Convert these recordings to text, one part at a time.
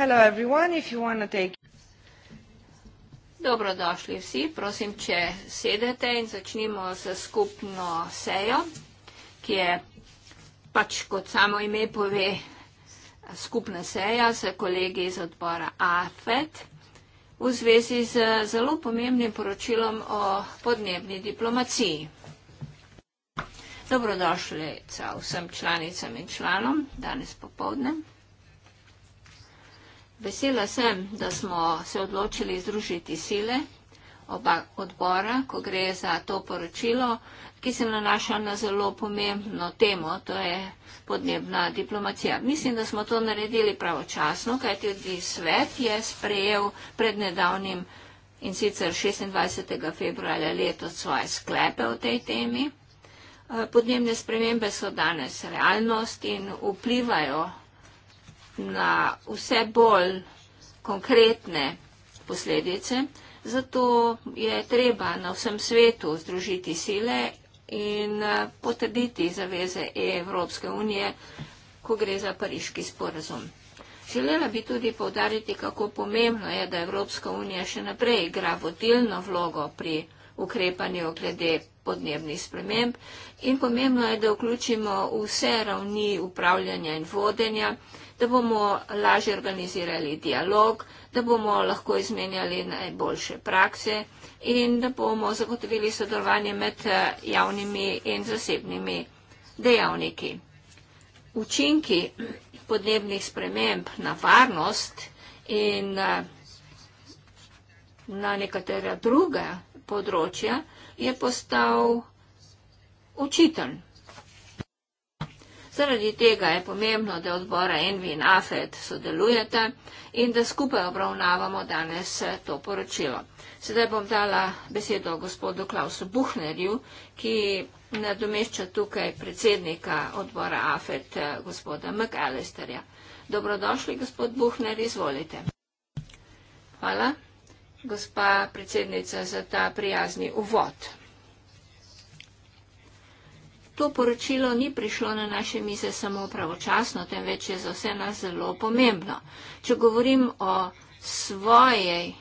Hello everyone, if you want to take. Dobrodošli vsi, prosim, če sedete in začnimo z skupno sejo, ki je pač kot samo ime pove skupna seja s kolegi iz odbora AFET v zvezi z zelo pomembnim poročilom o podnebni diplomaciji. Dobrodošli vsem članicam in članom danes popovdne. Vesela sem, da smo se odločili združiti sile oba odbora, ko gre za to poročilo, ki se nanaša na zelo pomembno temo, to je podnebna diplomacija. Mislim, da smo to naredili pravočasno, kajti tudi svet je sprejel pred nedavnim in sicer 26. februarja letos svoje sklepe o tej temi. Podnebne spremembe so danes realnost in vplivajo na vse bolj konkretne posledice. Zato je treba na vsem svetu združiti sile in eh, potrditi zaveze Evropske unije, ko gre za pariški sporazum. Želela bi tudi povdariti, kako pomembno je, da Evropska unija še naprej igra vodilno vlogo pri ukrepanju glede podnebnih sprememb in pomembno je, da vključimo vse ravni upravljanja in vodenja da bomo lažje organizirali dialog, da bomo lahko izmenjali najboljše prakse in da bomo zagotovili sodelovanje med eh, javnimi in zasebnimi dejavniki. Učinki podnebnih sprememb na varnost in eh, na nekatera druga področja je postal učitelj. Zaradi tega je pomembno, da odbora Envi in Afet sodelujete in da skupaj obravnavamo danes eh, to poročilo. Sedaj bom dala besedo gospodu Klausu Buhnerju, ki nadomešča tukaj predsednika odbora Afet, eh, gospoda McAllisterja. Dobrodošli, gospod Buhner, izvolite. Hvala, gospa predsednica, za ta prijazni uvod to poročilo ni prišlo na naše mize samo pravočasno, temveč je za vse nas zelo pomembno. Če govorim o svojih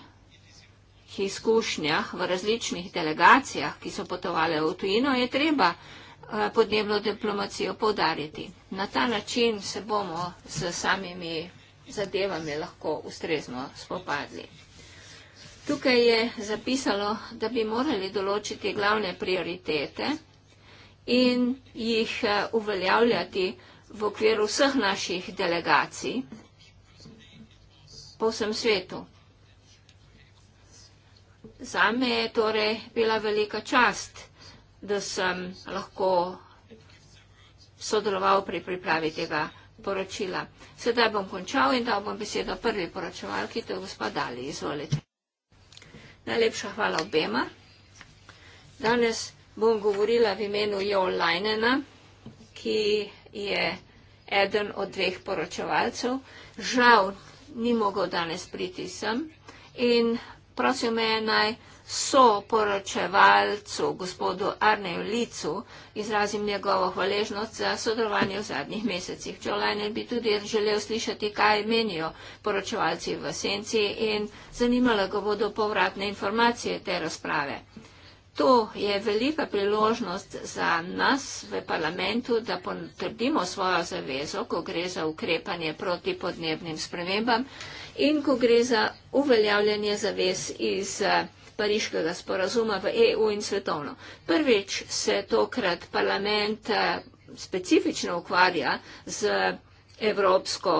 izkušnjah v različnih delegacijah, ki so potovali v tujino, je treba eh, podnebno diplomacijo povdariti. Na ta način se bomo z samimi zadevami lahko ustrezno spopadli. Tukaj je zapisalo, da bi morali določiti glavne prioritete in jih eh, uveljavljati v okviru vseh naših delegacij po vsem svetu. Zame je torej bila velika čast, da sem lahko sodeloval pri pripravi tega poročila. Sedaj bom končal in dal bom besedo prvi poročevalki, to je gospod Dali, izvolite. Najlepša hvala obema. Danes bom govorila v imenu Jo Lajnena, ki je eden od dveh poročevalcev. Žal ni mogel danes priti sem in prosil me je naj so poročevalcu gospodu Arneju Licu izrazim njegovo hvaležnost za sodelovanje v zadnjih mesecih. Čolajne bi tudi želel slišati, kaj menijo poročevalci v Senci in zanimalo ga bodo povratne informacije te razprave. To je velika priložnost za nas v parlamentu, da potrdimo svojo zavezo, ko gre za ukrepanje proti podnebnim spremembam in ko gre za uveljavljanje zavez iz eh, Pariškega sporazuma v EU in svetovno. Prvič se tokrat parlament eh, specifično ukvarja z evropsko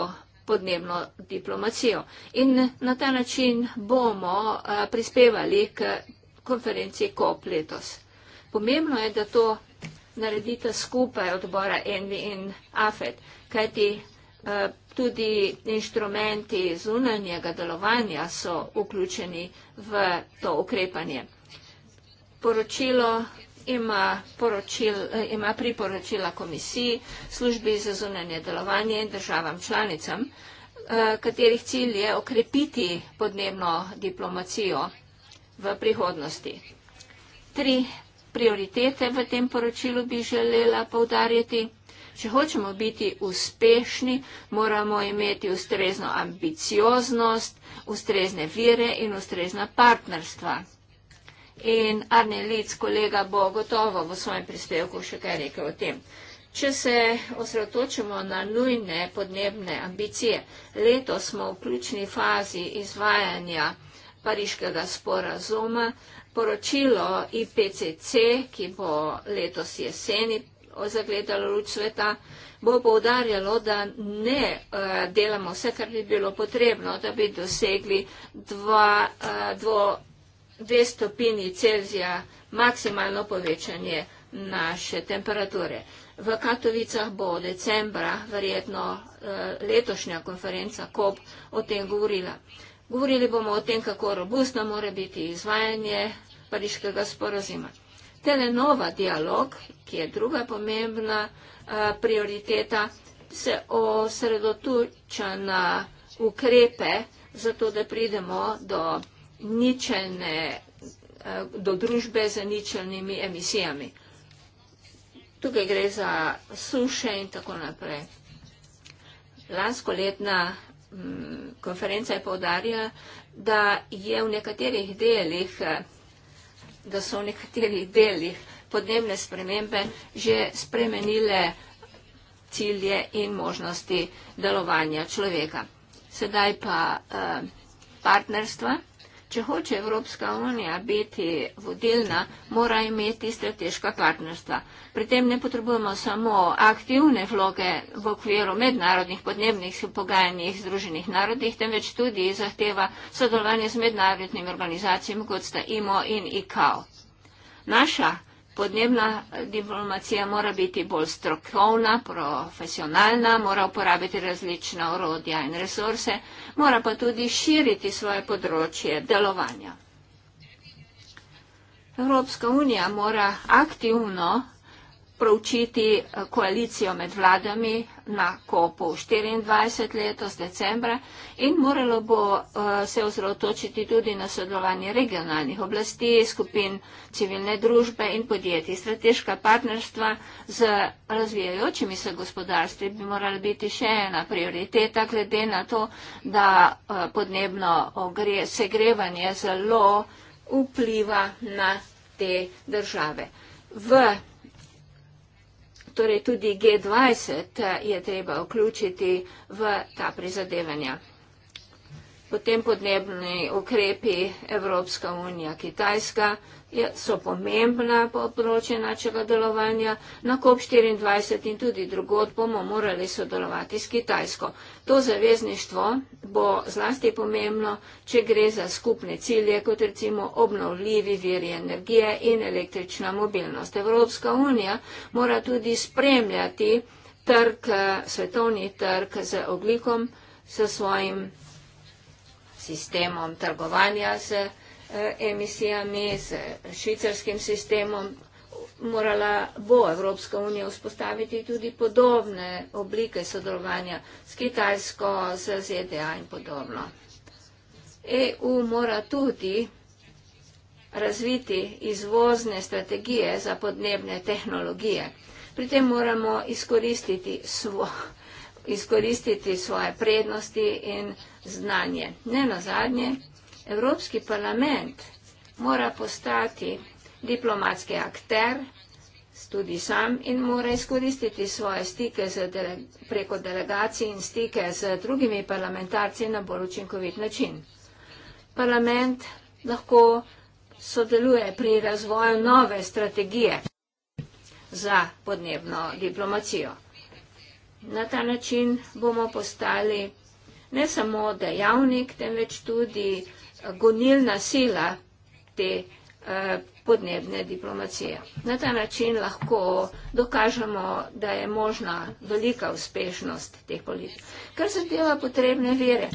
podnebno diplomacijo. In na ta način bomo eh, prispevali k konferenci COP letos. Pomembno je, da to naredite skupaj odbora Envi in AFED, kajti eh, tudi inštrumenti zunanjega delovanja so vključeni v to ukrepanje. Poročilo ima, poročil, eh, ima priporočila komisiji, službi za zunanje delovanje in državam članicam, eh, katerih cilj je okrepiti podnebno diplomacijo v prihodnosti. Tri prioritete v tem poročilu bi želela povdarjati. Če hočemo biti uspešni, moramo imeti ustrezno ambicioznost, ustrezne vire in ustrezna partnerstva. In Arne Lic, kolega, bo gotovo v svojem prispevku še kaj rekel o tem. Če se osredotočimo na nujne podnebne ambicije, letos smo v ključni fazi izvajanja pariškega sporazuma. Poročilo IPCC, ki bo letos jeseni zagledalo luč sveta, bo poudarjalo, da ne eh, delamo vse, kar bi bilo potrebno, da bi dosegli dva, eh, dvo, dve stopini Celzija maksimalno povečanje naše temperature. V Katovicah bo decembra verjetno eh, letošnja konferenca COP o tem govorila. Govorili bomo o tem, kako robustno mora biti izvajanje pariškega sporozima. Telenova dialog, ki je druga pomembna prioriteta, se osredotuča na ukrepe, zato da pridemo do ničene do družbe z ničelnimi emisijami. Tukaj gre za suše in tako naprej. Lansko letna Mm, konferenca je povdarjala, da je v nekaterih delih, da so v nekaterih delih podnebne spremembe že spremenile cilje in možnosti delovanja človeka. Sedaj pa eh, partnerstva. Če hoče Evropska unija biti vodilna, mora imeti strateška partnerstva. Pri tem ne potrebujemo samo aktivne vloge v okviru mednarodnih podnebnih pogajanjih Združenih narodih, temveč tudi zahteva sodelovanje z mednarodnimi organizacijami, kot sta IMO in ICAO. Naša Podnebna diplomacija mora biti bolj strokovna, profesionalna, mora uporabiti različna orodja in resurse, mora pa tudi širiti svoje področje delovanja. Evropska unija mora aktivno proučiti eh, koalicijo med vladami na kopu 24 letos decembra in moralo bo eh, se osredotočiti tudi na sodelovanje regionalnih oblasti, skupin civilne družbe in podjetij. Strateška partnerstva z razvijajočimi se gospodarstvi bi morala biti še ena prioriteta glede na to, da eh, podnebno segrevanje zelo vpliva na te države. V torej tudi G20 eh, je treba vključiti v ta prizadevanja. Potem podnebni ukrepi Evropska unija, Kitajska so pomembna področja našega delovanja. Na COP24 in tudi drugod bomo morali sodelovati s Kitajsko. To zavezništvo bo zlasti pomembno, če gre za skupne cilje, kot recimo obnovljivi viri energije in električna mobilnost. Evropska unija mora tudi spremljati trg, svetovni trg z oglikom, s svojim sistemom trgovanja z eh, emisijami, z švicarskim sistemom. Morala bo Evropska unija vzpostaviti tudi podobne oblike sodelovanja s Kitajsko, z ZDA in podobno. EU mora tudi razviti izvozne strategije za podnebne tehnologije. Pri tem moramo izkoristiti svoje izkoristiti svoje prednosti in znanje. Ne na zadnje, Evropski parlament mora postati diplomatski akter, tudi sam in mora izkoristiti svoje stike dele, preko delegacij in stike z drugimi parlamentarci na bolj učinkovit način. Parlament lahko sodeluje pri razvoju nove strategije za podnebno diplomacijo. Na ta način bomo postali ne samo dejavnik, temveč tudi gonilna sila te eh, podnebne diplomacije. Na ta način lahko dokažemo, da je možna velika uspešnost teh politik. Kar se deva potrebne vere.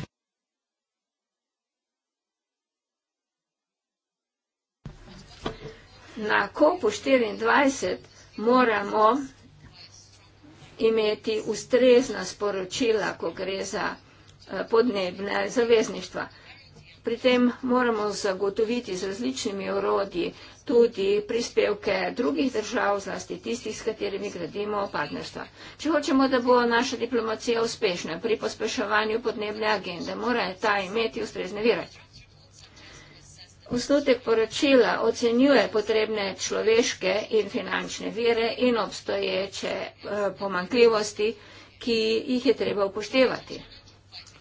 Na kopu 24 moramo imeti ustrezna sporočila, ko gre za eh, podnebne zavezništva. Pri tem moramo zagotoviti z različnimi orodji tudi prispevke drugih držav, zlasti tistih, s katerimi gradimo partnerstva. Če hočemo, da bo naša diplomacija uspešna pri pospeševanju podnebne agende, mora ta imeti ustrezne vire. Osnutek poročila ocenjuje potrebne človeške in finančne vire in obstoječe eh, pomankljivosti, ki jih je treba upoštevati.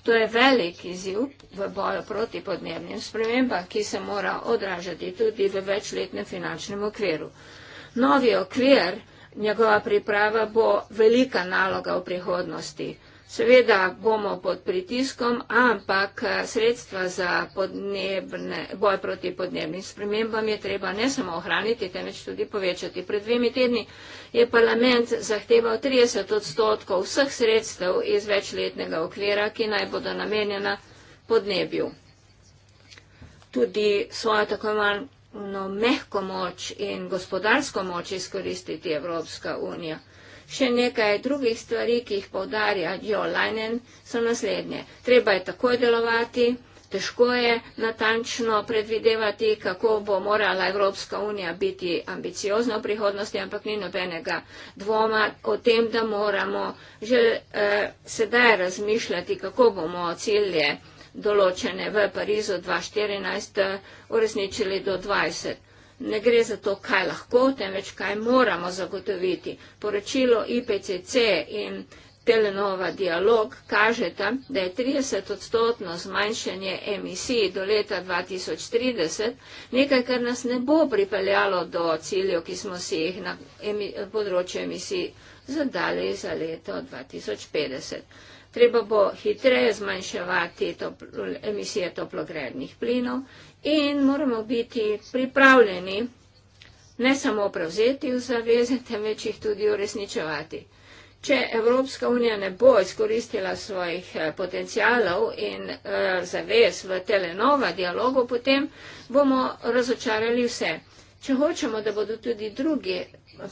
To je velik izziv v boju proti podnebnim spremembam, ki se mora odražati tudi v večletnem finančnem okviru. Novi okvir, njegova priprava bo velika naloga v prihodnosti. Seveda bomo pod pritiskom, ampak eh, sredstva za podnebne, boj proti podnebnim spremembam je treba ne samo ohraniti, temveč tudi povečati. Pred dvemi tedni je parlament zahteval 30 odstotkov vseh sredstev iz večletnega okvira, ki naj bodo namenjena podnebju. Tudi svojo tako imenovano mehko moč in gospodarsko moč izkoristiti Evropska unija. Še nekaj drugih stvari, ki jih povdarja Diolajnen, so naslednje. Treba je takoj delovati, težko je natančno predvidevati, kako bo morala Evropska unija biti ambiciozna v prihodnosti, ampak ni nobenega dvoma o tem, da moramo že eh, sedaj razmišljati, kako bomo cilje določene v Parizu 2014 eh, uresničili do 2020 ne gre za to, kaj lahko, temveč kaj moramo zagotoviti. Poročilo IPCC in Telenova dialog kažeta, da je 30 odstotno zmanjšanje emisij do leta 2030 nekaj, kar nas ne bo pripeljalo do ciljev, ki smo si jih na področju emisij zadali za leto 2050 treba bo hitreje zmanjševati toplo, emisije toplogrednih plinov in moramo biti pripravljeni ne samo prevzeti v zaveze, temveč jih tudi uresničevati. Če Evropska unija ne bo izkoristila svojih eh, potencijalov in uh, zavez v telenova dialogu, potem bomo razočarali vse. Če hočemo, da bodo tudi drugi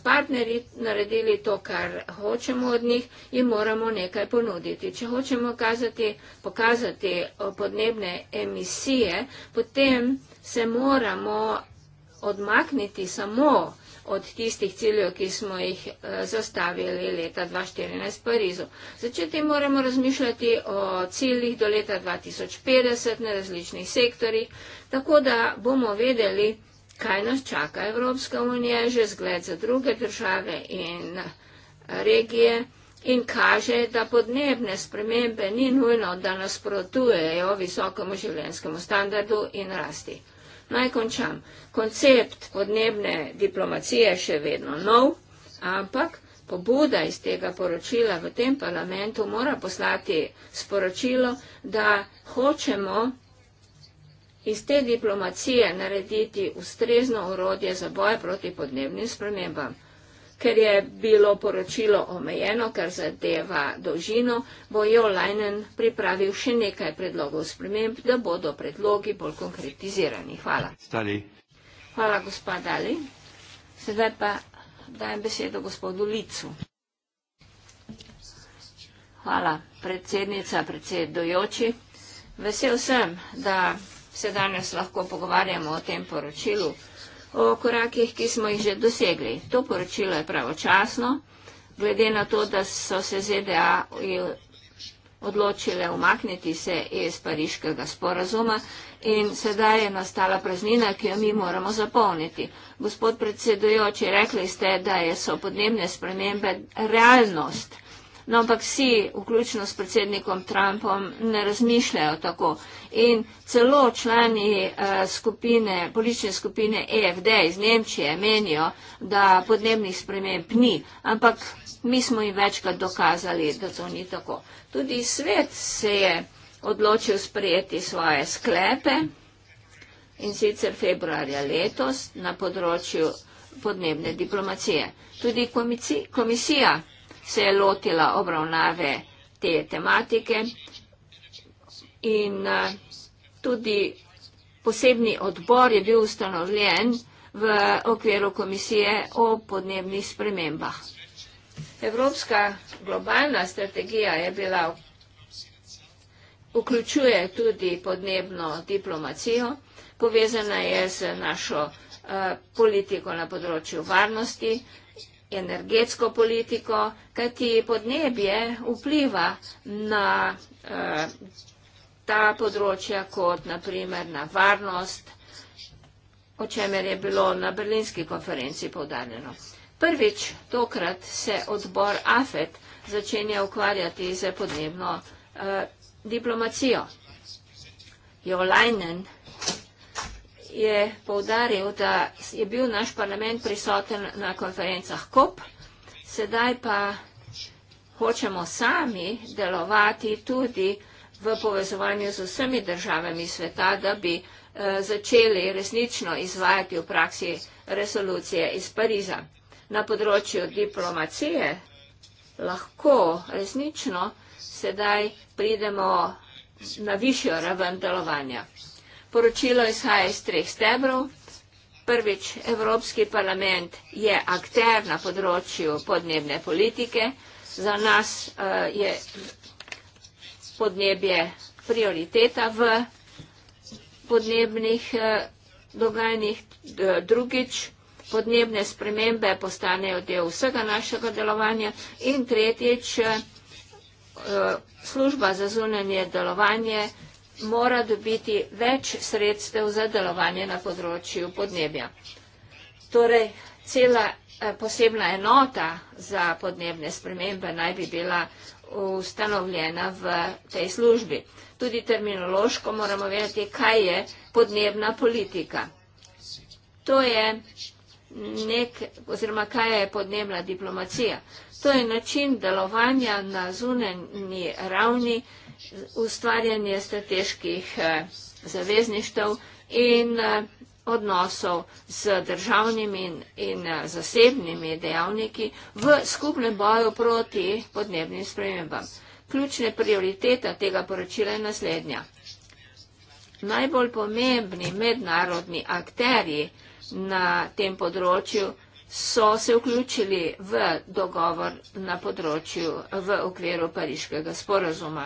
partnerji naredili to, kar hočemo od njih, jim moramo nekaj ponuditi. Če hočemo kazati, pokazati podnebne emisije, potem se moramo odmakniti samo od tistih ciljev, ki smo jih e, zastavili leta 2014 v Parizu. Začeti moramo razmišljati o ciljih do leta 2050 na različnih sektorjih, tako da bomo vedeli, kaj nas čaka. Evropska unija je že zgled za druge države in regije in kaže, da podnebne spremembe ni nujno, da nasprotujejo visokemu življenskemu standardu in rasti. Naj končam. Koncept podnebne diplomacije je še vedno nov, ampak pobuda iz tega poročila v tem parlamentu mora poslati sporočilo, da hočemo iz te diplomacije narediti ustrezno orodje za boje proti podnebnim spremembam. Ker je bilo poročilo omejeno, kar zadeva dolžino, bo jo Leinen pripravil še nekaj predlogov sprememb, da bodo predlogi bolj konkretizirani. Hvala. Stali. Hvala, gospod Dali. Sedaj pa dajem besedo gospodu Licu. Hvala, predsednica, predsedujoči. Vesel sem, da se danes lahko pogovarjamo o tem poročilu, o korakih, ki smo jih že dosegli. To poročilo je pravočasno, glede na to, da so se ZDA odločile umakniti se iz pariškega sporazuma in sedaj je nastala praznina, ki jo mi moramo zapolniti. Gospod predsedujoči, rekli ste, da so podnebne spremembe realnost. No, ampak vsi, vključno s predsednikom Trumpom, ne razmišljajo tako. In celo člani eh, skupine, politične skupine EFD iz Nemčije menijo, da podnebnih sprememb ni. Ampak mi smo jim večkrat dokazali, da to ni tako. Tudi svet se je odločil sprejeti svoje sklepe in sicer februarja letos na področju podnebne diplomacije. Tudi komisija se je lotila obravnave te tematike in eh, tudi posebni odbor je bil ustanovljen v okviru komisije o podnebnih spremembah. Evropska globalna strategija je bila, vključuje tudi podnebno diplomacijo, povezana je z našo eh, politiko na področju varnosti, energetsko politiko, kajti podnebje vpliva na eh, ta področja kot naprimer na varnost, o čemer je bilo na berlinski konferenci povdarjeno. Prvič tokrat se odbor AFET začenja ukvarjati z podnebno eh, diplomacijo. Jo Leinen je povdaril, da je bil naš parlament prisoten na konferencah KOP, sedaj pa hočemo sami delovati tudi v povezovanju z vsemi državami sveta, da bi eh, začeli resnično izvajati v praksi resolucije iz Pariza. Na področju diplomacije lahko resnično sedaj pridemo na višjo raven delovanja. Poročilo izhaja iz treh stebrov. Prvič, Evropski parlament je akter na področju podnebne politike. Za nas uh, je podnebje prioriteta v podnebnih uh, dogajanjih. Drugič, podnebne spremembe postanejo del vsega našega delovanja. In tretjič, uh, služba za zunanje delovanje mora dobiti več sredstev za delovanje na področju podnebja. Torej, cela eh, posebna enota za podnebne spremembe naj bi bila ustanovljena v tej službi. Tudi terminološko moramo vedeti, kaj je podnebna politika. To je nek, oziroma kaj je podnebna diplomacija. To je način delovanja na zunanji ravni, ustvarjanje strateških eh, zavezništev in eh, odnosov z državnimi in eh, zasebnimi dejavniki v skupnem boju proti podnebnim spremembam. Ključne prioriteta tega poročila je naslednja. Najbolj pomembni mednarodni akterji na tem področju so se vključili v dogovor na področju v okviru Pariškega sporazuma.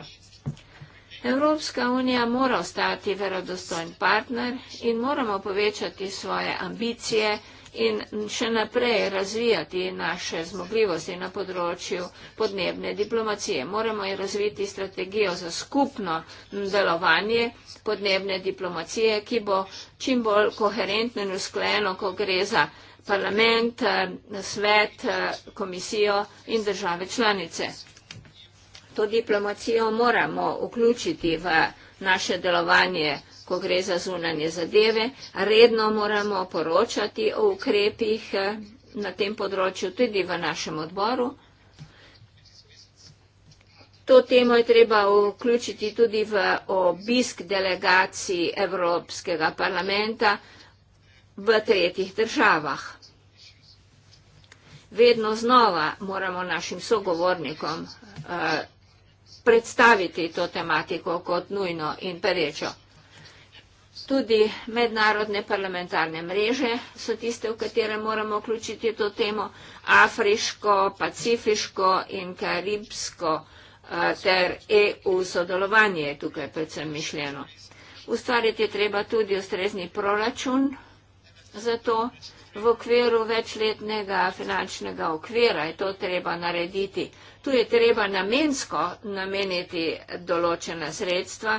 Evropska unija mora ostati verodostojen partner in moramo povečati svoje ambicije in še naprej razvijati naše zmogljivosti na področju podnebne diplomacije. Moramo in razviti strategijo za skupno delovanje podnebne diplomacije, ki bo čim bolj koherentno in uskleno, ko gre za parlament, eh, svet, eh, komisijo in države članice to diplomacijo moramo vključiti v naše delovanje, ko gre za zunanje zadeve. Redno moramo poročati o ukrepih eh, na tem področju tudi v našem odboru. To temo je treba vključiti tudi v obisk delegacij Evropskega parlamenta v tretjih državah. Vedno znova moramo našim sogovornikom eh, predstaviti to tematiko kot nujno in perečo. Tudi mednarodne parlamentarne mreže so tiste, v katere moramo vključiti to temo, afriško, pacifiško in karibsko eh, ter EU sodelovanje je tukaj predvsem mišljeno. Ustvariti je treba tudi ustrezni proračun za to. V okviru večletnega finančnega okvira je to treba narediti. Tu je treba namensko nameniti določena sredstva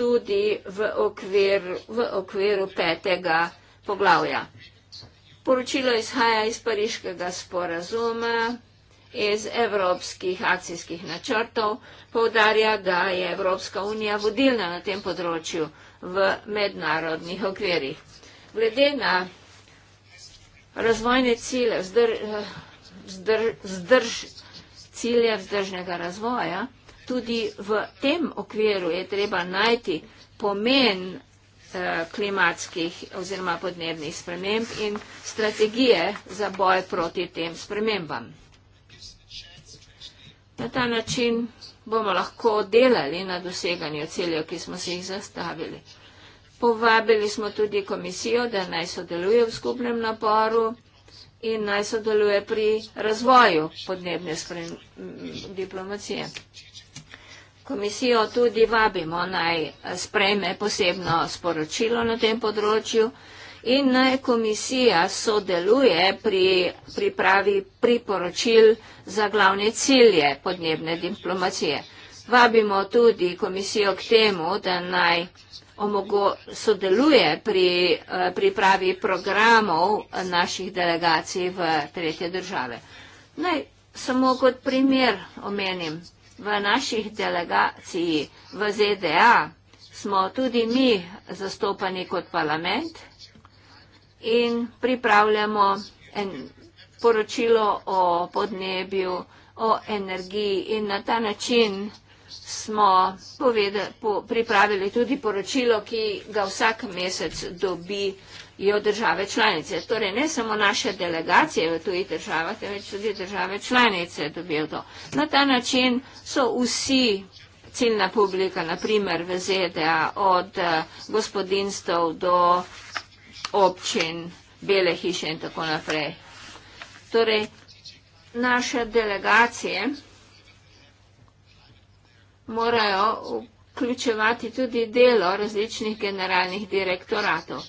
tudi v, okvir, v okviru petega poglavja. Poročilo izhaja iz Pariškega sporazuma, iz evropskih akcijskih načrtov, povdarja, da je Evropska unija vodilna na tem področju v mednarodnih okvirih. Glede na razvojne cilje, vzdrž. vzdrž cilje vzdržnega razvoja, tudi v tem okviru je treba najti pomen eh, klimatskih oziroma podnebnih sprememb in strategije za boj proti tem spremembam. Na ta način bomo lahko delali na doseganju ciljev, ki smo si jih zastavili. Povabili smo tudi komisijo, da naj sodeluje v skupnem naporu in naj sodeluje pri razvoju podnebne diplomacije. Komisijo tudi vabimo naj sprejme posebno sporočilo na tem področju in naj komisija sodeluje pri pripravi priporočil za glavne cilje podnebne diplomacije. Vabimo tudi komisijo k temu, da naj sodeluje pri eh, pripravi programov naših delegacij v tretje države. Naj samo kot primer omenim, v naših delegaciji v ZDA smo tudi mi zastopani kot parlament in pripravljamo en poročilo o podnebju, o energiji in na ta način smo povedali, po, pripravili tudi poročilo, ki ga vsak mesec dobijo države članice. Torej ne samo naše delegacije v tujih državah, temveč tudi države članice dobijo to. Na ta način so vsi ciljna publika, naprimer v ZDA, od eh, gospodinstv do občin, bele hiše in tako naprej. Torej, naše delegacije morajo vključevati tudi delo različnih generalnih direktoratov.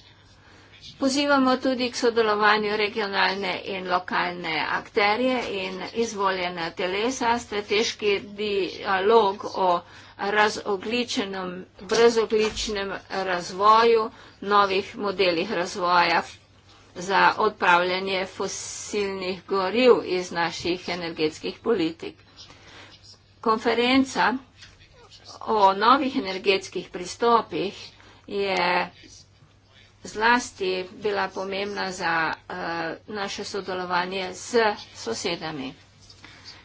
Pozivamo tudi k sodelovanju regionalne in lokalne akterje in izvoljena telesa, strateški dialog o razogličenem, brezogličnem razvoju, novih modelih razvoja za odpravljanje fosilnih goriv iz naših energetskih politik. Konferenca o novih energetskih pristopih je zlasti bila pomembna za uh, naše sodelovanje z sosedami.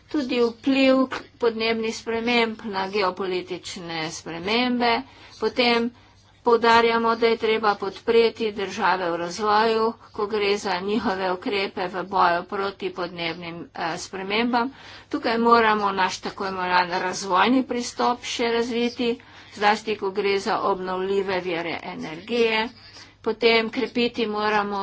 Tudi vpliv podnebnih sprememb na geopolitične spremembe, potem Poudarjamo, da je treba podpreti države v razvoju, ko gre za njihove ukrepe v boju proti podnebnim eh, spremembam. Tukaj moramo naš tako imenovan razvojni pristop še razviti, zlasti, ko gre za obnovljive vire energije. Potem krepiti moramo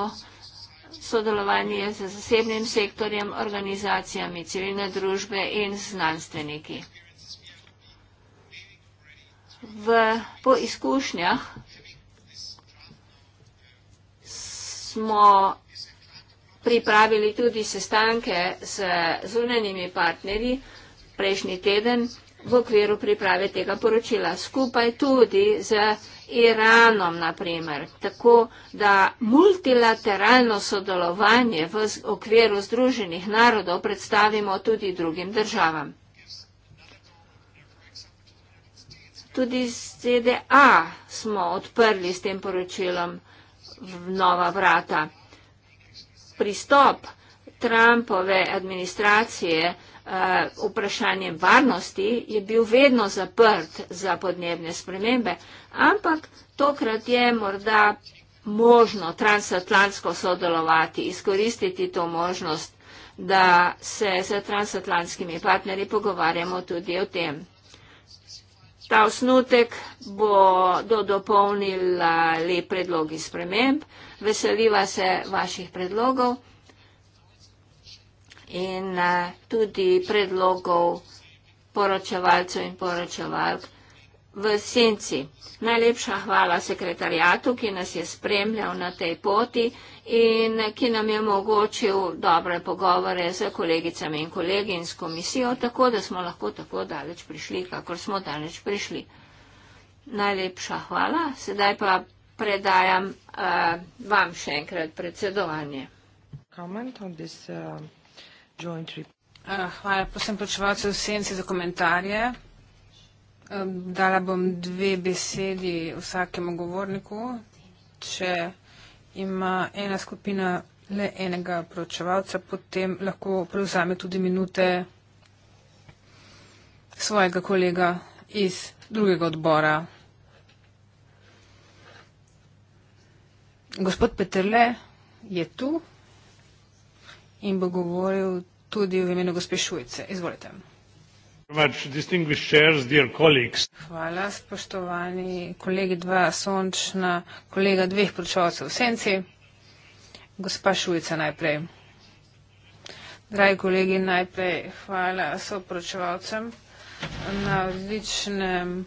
sodelovanje z zasebnim sektorjem, organizacijami civilne družbe in znanstveniki v, po izkušnjah smo pripravili tudi sestanke z zunanimi partnerji prejšnji teden v okviru priprave tega poročila, skupaj tudi z Iranom, naprimer, tako da multilateralno sodelovanje v okviru Združenih narodov predstavimo tudi drugim državam. tudi ZDA smo odprli s tem poročilom v nova vrata. Pristop Trumpove administracije eh, vprašanjem varnosti je bil vedno zaprt za podnebne spremembe, ampak tokrat je morda možno transatlantsko sodelovati, izkoristiti to možnost, da se z transatlantskimi partnerji pogovarjamo tudi o tem. Ta osnutek bo dodopolnil le predlogi sprememb. Veseliva se vaših predlogov in eh, tudi predlogov poročevalcev in poročevalk, v senci. Najlepša hvala sekretarjatu, ki nas je spremljal na tej poti in ki nam je omogočil dobre pogovore z kolegicami in kolegi in s komisijo, tako da smo lahko tako daleč prišli, kakor smo daleč prišli. Najlepša hvala. Sedaj pa predajam uh, vam še enkrat predsedovanje. Uh, hvala, prosim, predsedovalce v senci za komentarje. Dala bom dve besedi vsakemu govorniku. Če ima ena skupina le enega proučevalca, potem lahko prevzame tudi minute svojega kolega iz drugega odbora. Gospod Peterle je tu in bo govoril tudi v imenu gospe Šujce. Izvolite. Hvala, spoštovani kolegi dva sončna, kolega dveh pročovcev v senci, gospa Šujica najprej. Dragi kolegi, najprej hvala sopročevalcem na odličnem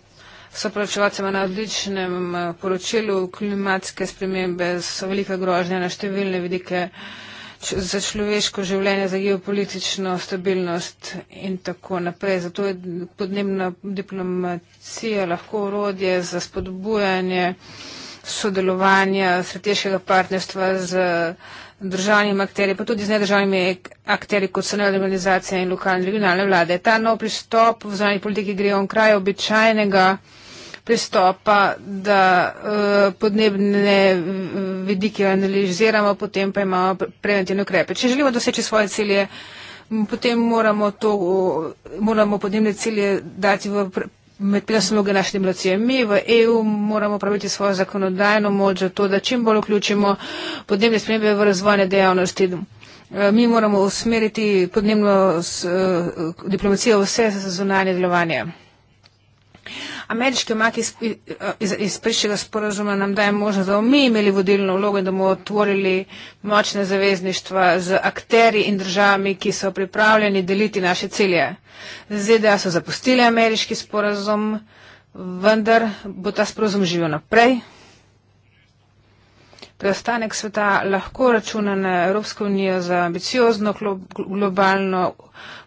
sopročevalcem na odličnem eh, poročilu klimatske spremembe so velika grožnja na številne vidike za človeško življenje, za geopolitično stabilnost in tako naprej. Zato je podnebna diplomacija lahko urodje za spodbujanje sodelovanja, strateškega partnerstva z državnimi akteri, pa tudi z nedržavnimi akteri, kot so nevladne organizacije in lokalne in regionalne vlade. Ta nov pristop v zunanji politiki gre on kraj običajnega pristopa, da eh, podnebne eh, vidike analiziramo, potem pa imamo preventivne ukrepe. Če želimo doseči svoje cilje, potem moramo, to, moramo podnebne cilje dati v. Med prednostno vloge naše demokracije. Mi v EU moramo praviti svojo zakonodajno moč za to, da čim bolj vključimo podnebne spremembe v razvojne dejavnosti. Eh, mi moramo usmeriti podnebno diplomacijo vse za zunanje delovanje ameriški omak iz, iz, iz prejšnjega sporazuma nam daje možnost, da bomo mi imeli vodilno vlogo in da bomo otvorili močne zavezništva z akteri in državami, ki so pripravljeni deliti naše cilje. ZDA so zapustili ameriški sporazum, vendar bo ta sporazum živel naprej. Preostanek sveta lahko računa na Evropsko unijo za ambiciozno glo, globalno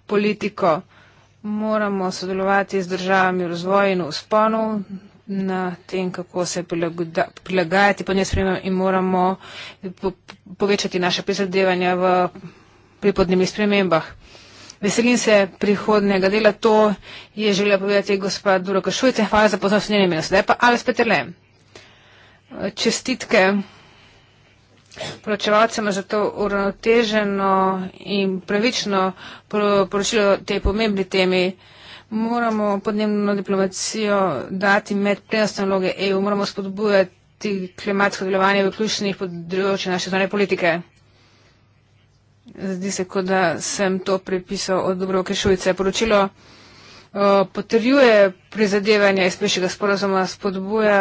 politiko moramo sodelovati z državami v razvoju in v sponu na tem, kako se prilagajati pod njim in moramo povečati naše prizadevanja v pripodnjemih spremembah. Veselim se prihodnega dela, to je želela povedati gospa Duroka Šujce. Hvala za pozornost njenim in sedaj pa Alice Peterle. Čestitke proračevalcema za to uravnoteženo in pravično poročilo tej pomembni temi. Moramo podnebno diplomacijo dati med prednostne naloge EU, moramo spodbujati klimatsko delovanje v ključnih področjih naše zunanje politike. Zdi se, kot da sem to prepisal od Dobroke Šujce. Poročilo uh, potrjuje prizadevanje iz prejšnjega sporazuma, spodbuja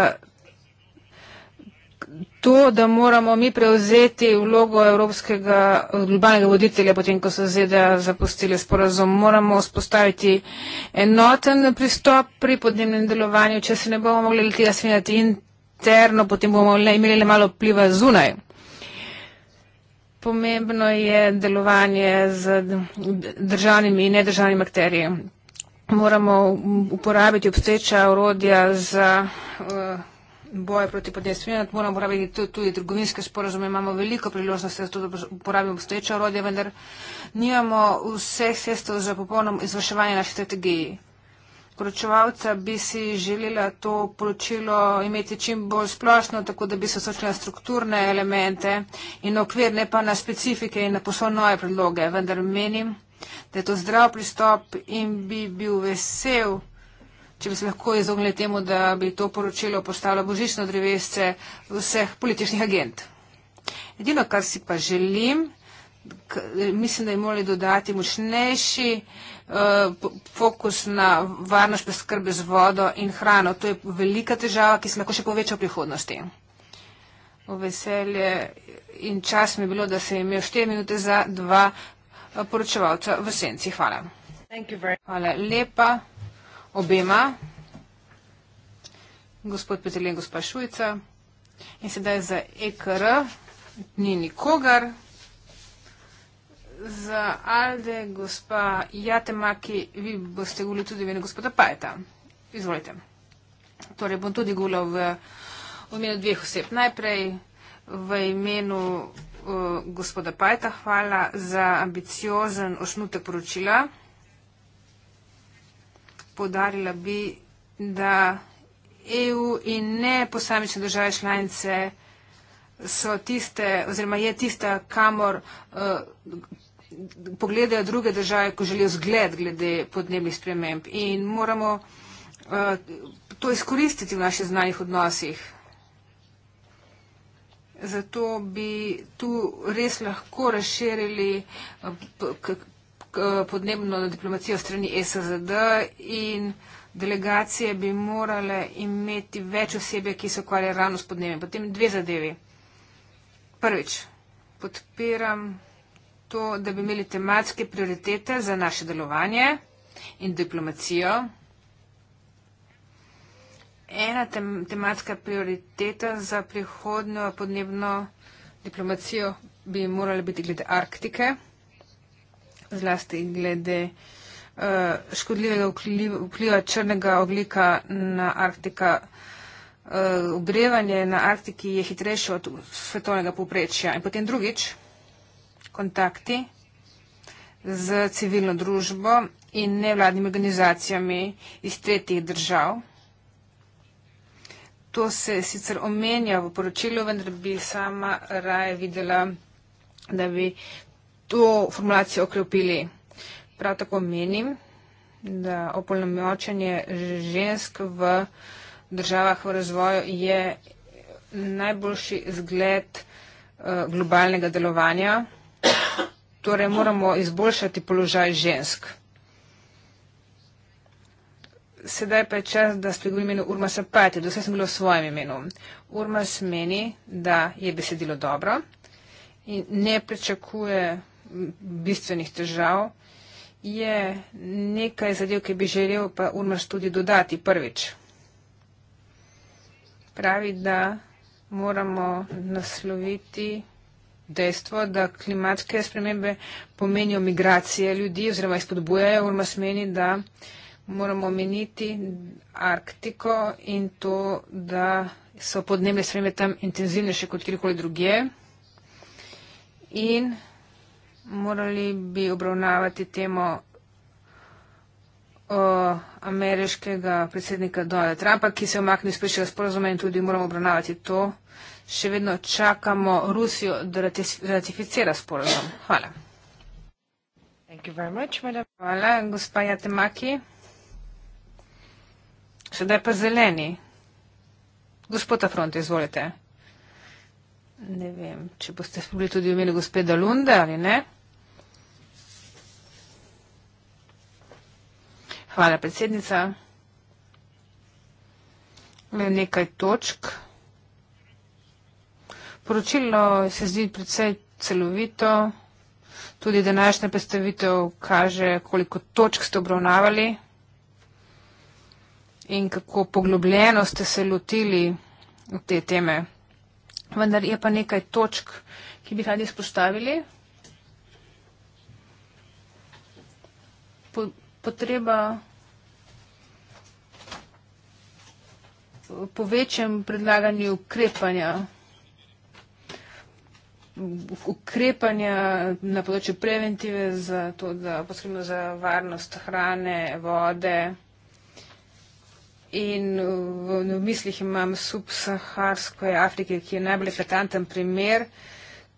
To, da moramo mi prevzeti vlogo evropskega globalnega voditelja, potem ko so ZDA zapustili sporazum, moramo spostaviti enoten pristop pri podnebnem delovanju. Če se ne bomo mogli tega svinjati interno, potem bomo imeli le malo pliva zunaj. Pomembno je delovanje z državnimi in nedržavnimi akterji. Moramo uporabiti obsteča urodja za. Uh, boja proti podnebnim ja, moramo uporabiti tudi trgovinske sporozume. Imamo veliko priložnosti za to, da uporabimo obstoječe orodje, vendar nimamo vseh sredstev za popolno izvrševanje naše strategije. Poročevalca bi si želela to poročilo imeti čim bolj splošno, tako da bi se osrečila na strukturne elemente in okvirne pa na specifike in na poslovno nove predloge. Vendar menim, da je to zdrav pristop in bi bil vesel če bi se lahko izognili temu, da bi to poročilo postalo božično drevesce vseh političnih agent. Edino, kar si pa želim, mislim, da bi morali dodati močnejši eh, fokus na varnost preskrbe z vodo in hrano. To je velika težava, ki se lahko še poveča v prihodnosti. V veselje in čas mi je bilo, da sem imel 4 minute za dva eh, poročevalca v senci. Hvala. Hvala lepa obema, gospod Petelje in gospa Šujca. In sedaj za EKR ni nikogar. Za Alde, gospa Jatemaki, vi boste govorili tudi v imenu gospoda Pajeta. Izvolite. Torej bom tudi govorila v, v imenu dveh oseb. Najprej v imenu uh, gospoda Pajeta hvala za ambiciozen osnutek poročila podarila bi, da EU in ne posamične države članice so tiste, oziroma je tista, kamor uh, pogledajo druge države, ko želijo zgled glede podnebnih sprememb. In moramo uh, to izkoristiti v naših znanih odnosih. Zato bi tu res lahko razširili uh, Eh, podnebno diplomacijo strani SZD in delegacije bi morale imeti več osebe, ki se ukvarja ravno s podnebjem. Potem dve zadevi. Prvič, podpiram to, da bi imeli tematske prioritete za naše delovanje in diplomacijo. Ena tem, tematska prioriteta za prihodnjo podnebno diplomacijo bi morala biti glede Arktike zlasti glede uh, škodljivega vpliva črnega oglika na Arktika. Uh, ogrevanje na Arktiki je hitrejše od svetovnega poprečja. In potem drugič, kontakti z civilno družbo in nevladnimi organizacijami iz tretjih držav. To se sicer omenja v poročilu, vendar bi sama raje videla, da bi to formulacijo okrepili. Prav tako menim, da opolnomočenje žensk v državah v razvoju je najboljši zgled eh, globalnega delovanja. Torej moramo izboljšati položaj žensk. Sedaj pa je čas, da spregovorim imenu Urma Sapati. Do sedaj sem bila v svojem imenu. Urma smeni, da je besedilo dobro in ne pričakuje bistvenih težav. Je nekaj zadev, ki bi želel pa Urmaš tudi dodati prvič. Pravi, da moramo nasloviti dejstvo, da klimatske spremembe pomenijo migracije ljudi oziroma izpodbujajo. Urmaš meni, da moramo omeniti Arktiko in to, da so podnebne spremembe tam intenzivnejše kot kjerkoli drugje. In morali bi obravnavati temo ameriškega predsednika Donalda Trumpa, ki se je omaknil iz prejšnjega sporozuma in tudi moramo obravnavati to. Še vedno čakamo Rusijo, da ratificira sporozum. Hvala. Hvala, gospa Jatemaki. Sedaj pa zeleni. Gospod Afront, izvolite. Ne vem, če boste bili tudi v imenu gospe Dalunde ali ne. Ne. Hvala, predsednica. Le nekaj točk. Poročilo se zdi predvsej celovito. Tudi današnja predstavitev kaže, koliko točk ste obravnavali in kako poglobljeno ste se lotili te teme. Vendar je pa nekaj točk, ki bi radi spostavili potreba po večjem predlaganju ukrepanja. Ukrepanja na področju preventive, za to, da poskrbimo za varnost hrane, vode. In v, v mislih imam subsaharsko Afrike, ki je najbolj fetanten primer,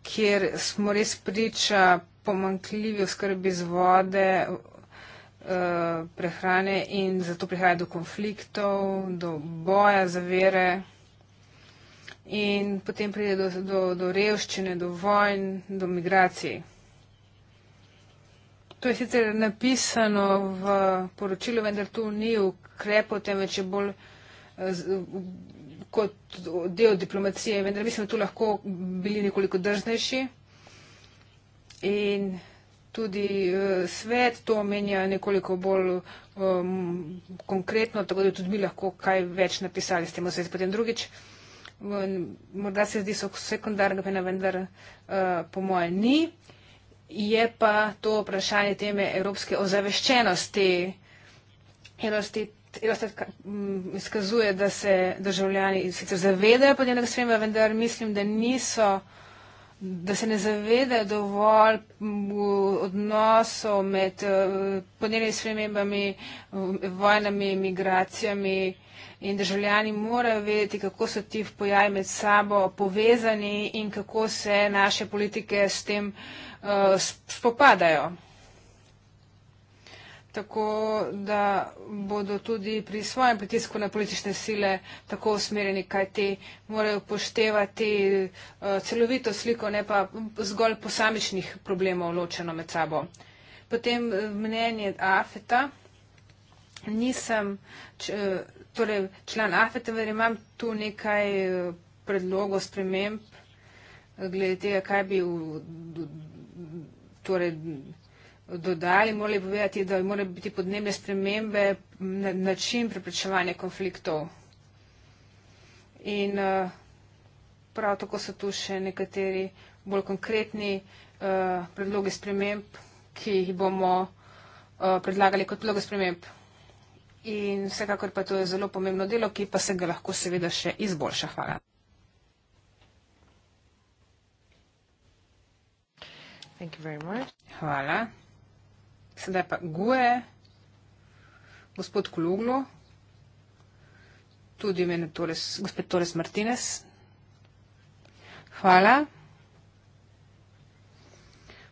kjer smo res priča pomankljivi oskrbi z vode, Eh, prehrane in zato prihaja do konfliktov, do boja za vere in potem pride do, do, do revščine, do vojn, do migracij. To je sicer napisano v poročilu, vendar tu ni ukrepo, temveč je bolj eh, kot del diplomacije, vendar mislim, da tu lahko bili nekoliko drznejši. In tudi eh, svet, to omenja nekoliko bolj um, konkretno, tako da tudi mi lahko kaj več napisali s tem vsem. Potem drugič, morda se zdi so sekundarno, pa vendar uh, po moje ni, je pa to vprašanje teme evropske ozaveščenosti. Evrosti Eurostat mm, izkazuje, da se državljani sicer zavedajo podnebnega sprememba, vendar mislim, da niso uh, da se ne zavedajo dovolj odnosov med eh, podnebnimi spremembami, vojnami, migracijami in državljani morajo vedeti, kako so ti pojavi med sabo povezani in kako se naše politike s tem eh, spopadajo tako da bodo tudi pri svojem pritisku na politične sile tako usmerjeni, kaj te morajo poštevati eh, celovito sliko, ne pa zgolj posamičnih problemov ločeno med sabo. Potem eh, mnenje AFETA. Nisem č, eh, torej, član AFETA, ver imam tu nekaj predlogov sprememb glede tega, kaj bi v, torej, dodali, morali povedati, da mora biti podnebne spremembe način preprečevanja konfliktov. In eh, prav tako so tu še nekateri bolj konkretni eh, predloge sprememb, ki jih bomo eh, predlagali kot predloge sprememb. In vsekakor pa to je zelo pomembno delo, ki pa se ga lahko seveda še izboljša. Hvala. Thank you very much. Hvala. Sedaj pa guje, gospod Kuluglu, tudi mene Torres, gospod Torres Martinez. Hvala.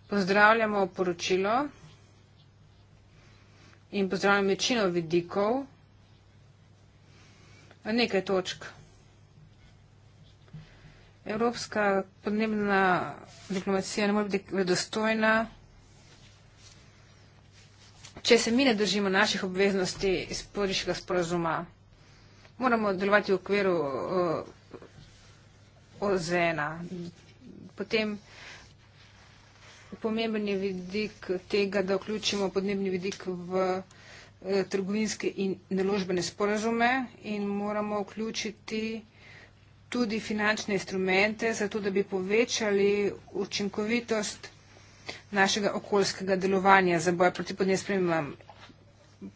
Pozdravljamo poročilo in pozdravljamo večino vidikov. Nekaj točk. Evropska podnebna diplomacija ne more biti vedostojna če se mi ne držimo naših obveznosti iz Pariškega sporazuma, moramo delovati v okviru uh, eh, OZN-a. Potem pomemben je vidik tega, da vključimo podnebni vidik v uh, trgovinske in naložbene sporazume in moramo vključiti tudi finančne instrumente, zato da bi povečali učinkovitost našega okoljskega delovanja za boj proti podnebnim spremembam.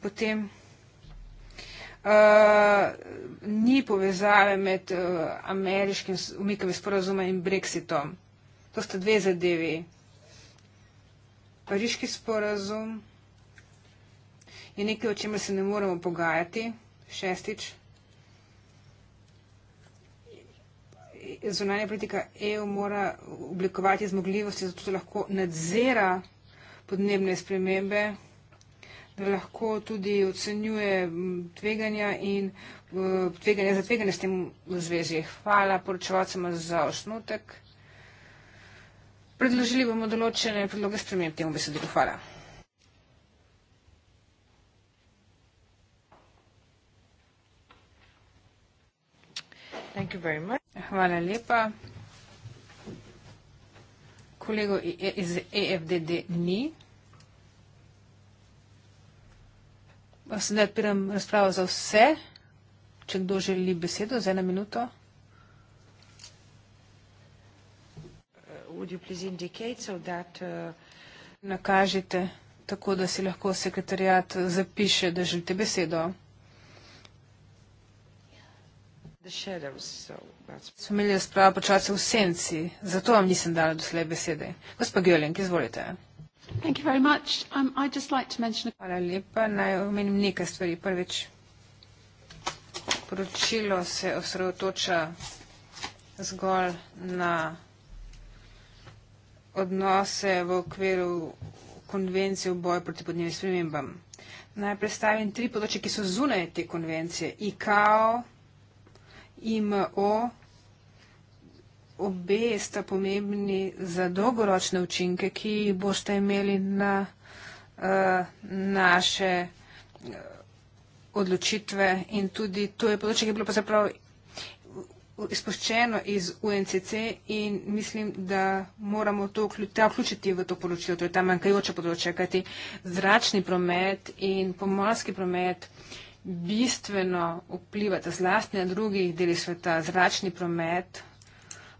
Potem uh, ni povezave med uh, ameriškim umikom sporazuma in brexitom. To sta dve zadevi. Pariški sporazum je nekaj, o čemer se ne moremo pogajati. Šestič. zunanja politika EU mora oblikovati zmogljivosti, zato da lahko nadzira podnebne spremembe, da lahko tudi ocenjuje tveganja in tveganja za tveganje s tem v zvezi. Hvala poročevalcem za osnutek. Predložili bomo določene predloge spremembe temu besedilu. Hvala. Thank you very much. Hvala lepa. Kolego e- iz EFDD ni. Sedaj odpiram razpravo za vse, če kdo želi besedo za eno minuto. Uh, uh, Nakažite tako, da si lahko sekretariat zapiše, da želite besedo. So imeli razpravo počasi v senci, zato vam nisem dala doslej besede. Gospod Gjolink, izvolite. Um, Hvala lepa. Naj omenim nekaj stvari. Prvič, poročilo se osredotoča zgolj na odnose v okviru konvencije v boju proti podnebnim spremembam. Naj predstavim tri področje, ki so zunaj te konvencije. IKAO, IMO, obe sta pomembni za dolgoročne učinke, ki boste imeli na eh, naše eh, odločitve in tudi to je področje, ki je bilo pa zaprav izpoščeno iz UNCC in mislim, da moramo to vključiti v to poročilo, to je ta manjkajoče področje, kajti zračni promet in pomorski promet, ki je bistveno vplivate zlasti na drugih deli sveta, zračni promet,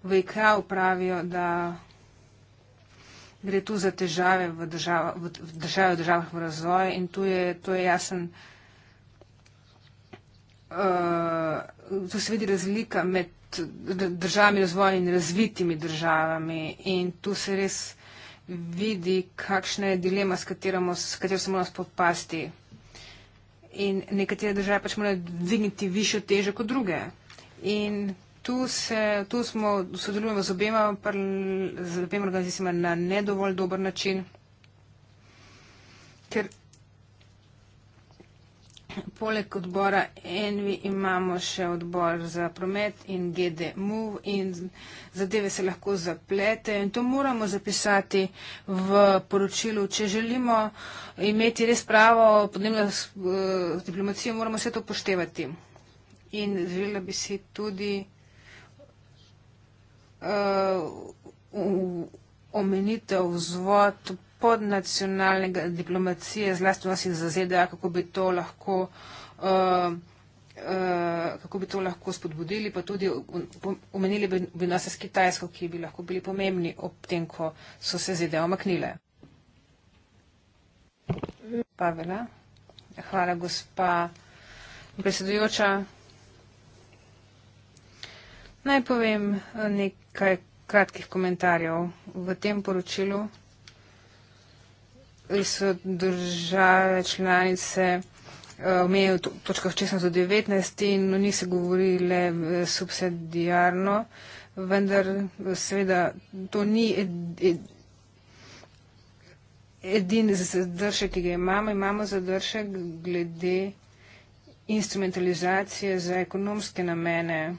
v IKA upravijo, da gre tu za težave v, država, v državi, v državah v razvoju in tu je, tu je jasen, uh, tu se vidi razlika med državami razvoja in razvitimi državami in tu se res vidi, kakšna je dilema, s katero, s katero se moramo spopasti in nekatere države pač morajo dvigniti višjo težo kot druge. In tu, se, tu smo, sodelujemo z obema, z obema organizacijama na nedovolj dober način, ker Poleg odbora Envi imamo še odbor za promet in GD Move in zadeve se lahko zaplete in to moramo zapisati v poročilu. Če želimo imeti res pravo podnebno eh, diplomacijo, moramo vse to poštevati. In želela bi si tudi uh, omenitev vzvod podnacionalne diplomacije, zlasti v naših ZDA, kako bi to lahko. Uh, kako bi to lahko spodbudili, pa tudi omenili bi nas s Kitajsko, ki bi lahko bili pomembni ob tem, ko so se zide omaknile. Pavela. Hvala, gospa predsedujoča. Naj povem eh, nekaj kratkih komentarjev v tem poročilu so države članice eh, omejil v točkah 16 do 19 in o njih se govori le subsidijarno, vendar seveda to ni edin zadršek, ki ga imamo. Imamo zadršek glede instrumentalizacije za ekonomske namene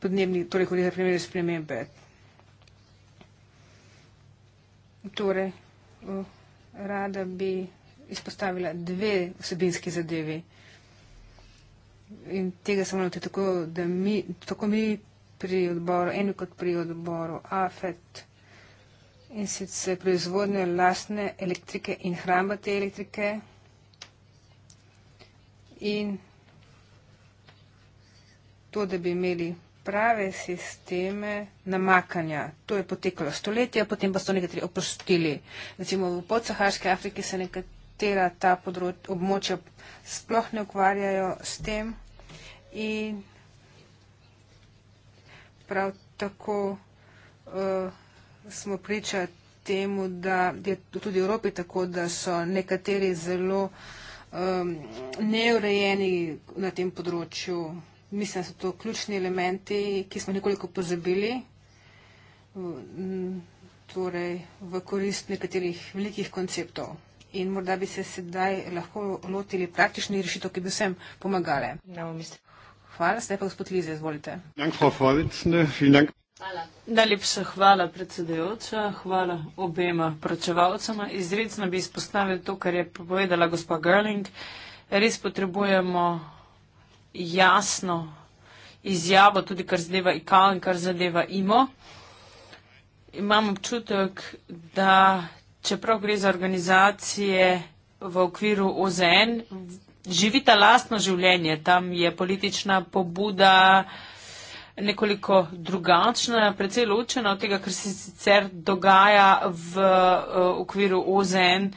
podnebnih, torej kolega primere spremembe. Torej, rada bi izpostavila dve vsebinski zadevi. In tega se morate tako, da mi, tako mi pri odboru, eni kot pri odboru AFET in sicer proizvodnje lastne elektrike in hramba te elektrike in to, da bi imeli prave sisteme namakanja. To je poteklo stoletja, potem pa so nekateri oprostili. Recimo v podsaharski Afriki se nekatera ta področ, območja sploh ne ukvarjajo s tem in prav tako uh, smo priča temu, da je tudi v Evropi tako, da so nekateri zelo um, neurejeni na tem področju mislim, da so to ključni elementi, ki smo nekoliko pozabili, torej v korist nekaterih velikih konceptov. In morda bi se sedaj lahko lotili praktičnih rešitev, ki bi vsem pomagale. Hvala, zdaj pa gospod Lize, izvolite. Najlepša hvala, predsedujoča, hvala obema pročevalcema. Izredno bi izpostavil to, kar je povedala gospa Gerling. Res potrebujemo jasno izjavo, tudi kar zadeva IKAL in kar zadeva IMO. Imam občutek, da čeprav gre za organizacije v okviru OZN, živita lastno življenje. Tam je politična pobuda nekoliko drugačna, predvsej ločena od tega, kar se sicer dogaja v eh, okviru OZN.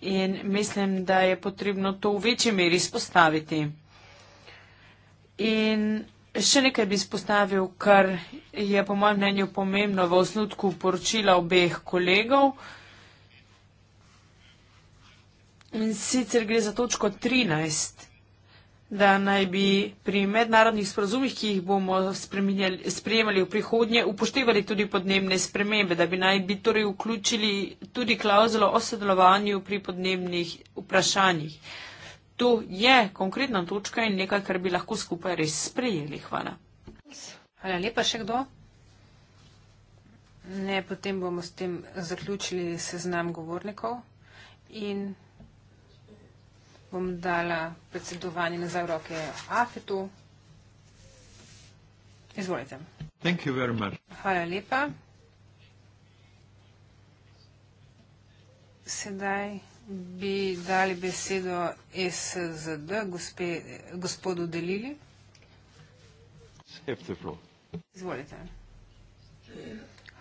In mislim, da je potrebno to v večji meri spostaviti. In še nekaj bi spostavil, kar je po mojem mnenju pomembno v osnutku poročila obeh kolegov. In sicer gre za točko 13, da naj bi pri mednarodnih sporazumih, ki jih bomo sprejemali v prihodnje, upoštevali tudi podnebne spremembe, da bi naj bi torej vključili tudi klauzulo o sodelovanju pri podnebnih vprašanjih. To je konkretna točka in nekaj, kar bi lahko skupaj res sprejeli. Hvala. Hvala lepa še kdo. Ne, potem bomo s tem zaključili seznam govornikov in bom dala predsedovanje nazaj v roke Afetu. Izvolite. Thank you very much. Hvala lepa. Sedaj bi dali besedo SZD, gospe, gospodu Delili. Izvolite.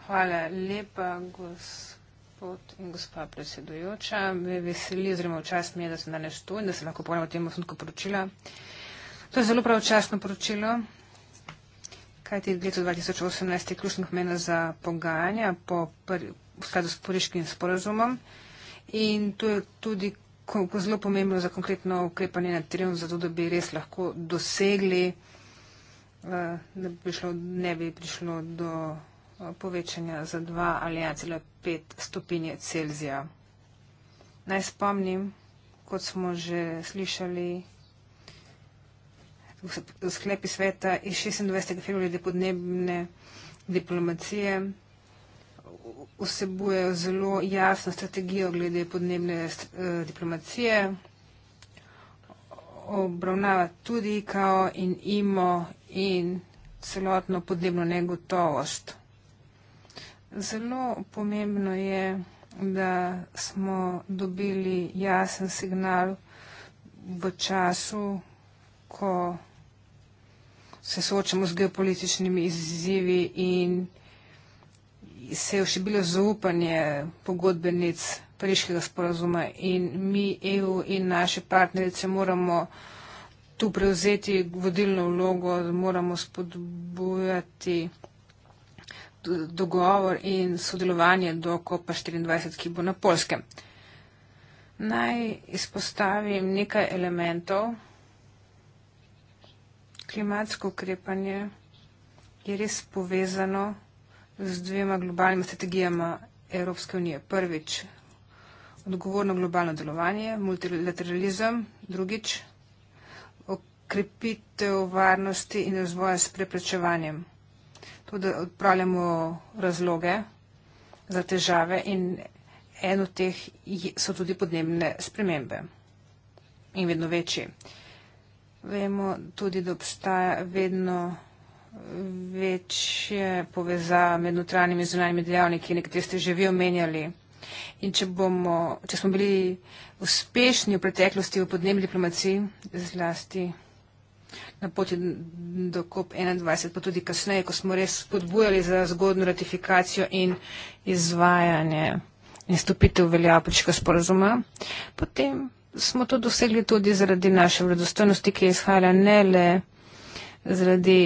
Hvala lepa, gospod in gospa predsedujoča. Me veseli, oziroma včasih mi je, da sem danes tu in da se lahko pogovarjamo o tem osnutku poročila. To je zelo pravočasno poročilo, kajti leto 2018 je ključnih mena za pogajanja po, v skladu s poriškim sporozumom. In to je tudi ko, ko zelo pomembno za konkretno ukrepanje na terenu, zato da bi res lahko dosegli, eh, da bi šlo, ne bi prišlo do eh, povečanja za 2 ali 1,5 ja, stopinje Celzija. Naj spomnim, kot smo že slišali, sklepi sveta iz 26. februarja podnebne diplomacije vsebujejo zelo jasno strategijo glede podnebne st eh, diplomacije, obravnava tudi kao in imo in celotno podnebno negotovost. Zelo pomembno je, da smo dobili jasen signal v času, ko se soočamo z geopolitičnimi izzivi in izzivi, se je ošibilo zaupanje pogodbenic pariškega sporazuma in mi EU in naše partnerice moramo tu prevzeti vodilno vlogo, moramo spodbujati dogovor in sodelovanje do COP24, ki bo na Polskem. Naj izpostavim nekaj elementov. Klimatsko ukrepanje je res povezano z dvema globalnima strategijama Evropske unije. Prvič, odgovorno globalno delovanje, multilateralizem, drugič, okrepitev varnosti in razvoja s preprečevanjem. To, da odpravljamo razloge za težave in eno od teh so tudi podnebne spremembe in vedno večji. Vemo tudi, da obstaja vedno večje povezave med notranjimi in zunanjimi dejavniki, nekateri ste že vi omenjali. In če, bomo, če smo bili uspešni v preteklosti v podnebni diplomaciji, zlasti na poti do COP21, pa tudi kasneje, ko smo res spodbujali za zgodno ratifikacijo in izvajanje in stopitev veljavičkega sporazuma, potem smo to dosegli tudi zaradi naše vredostojnosti, ki je izhajala ne le zaradi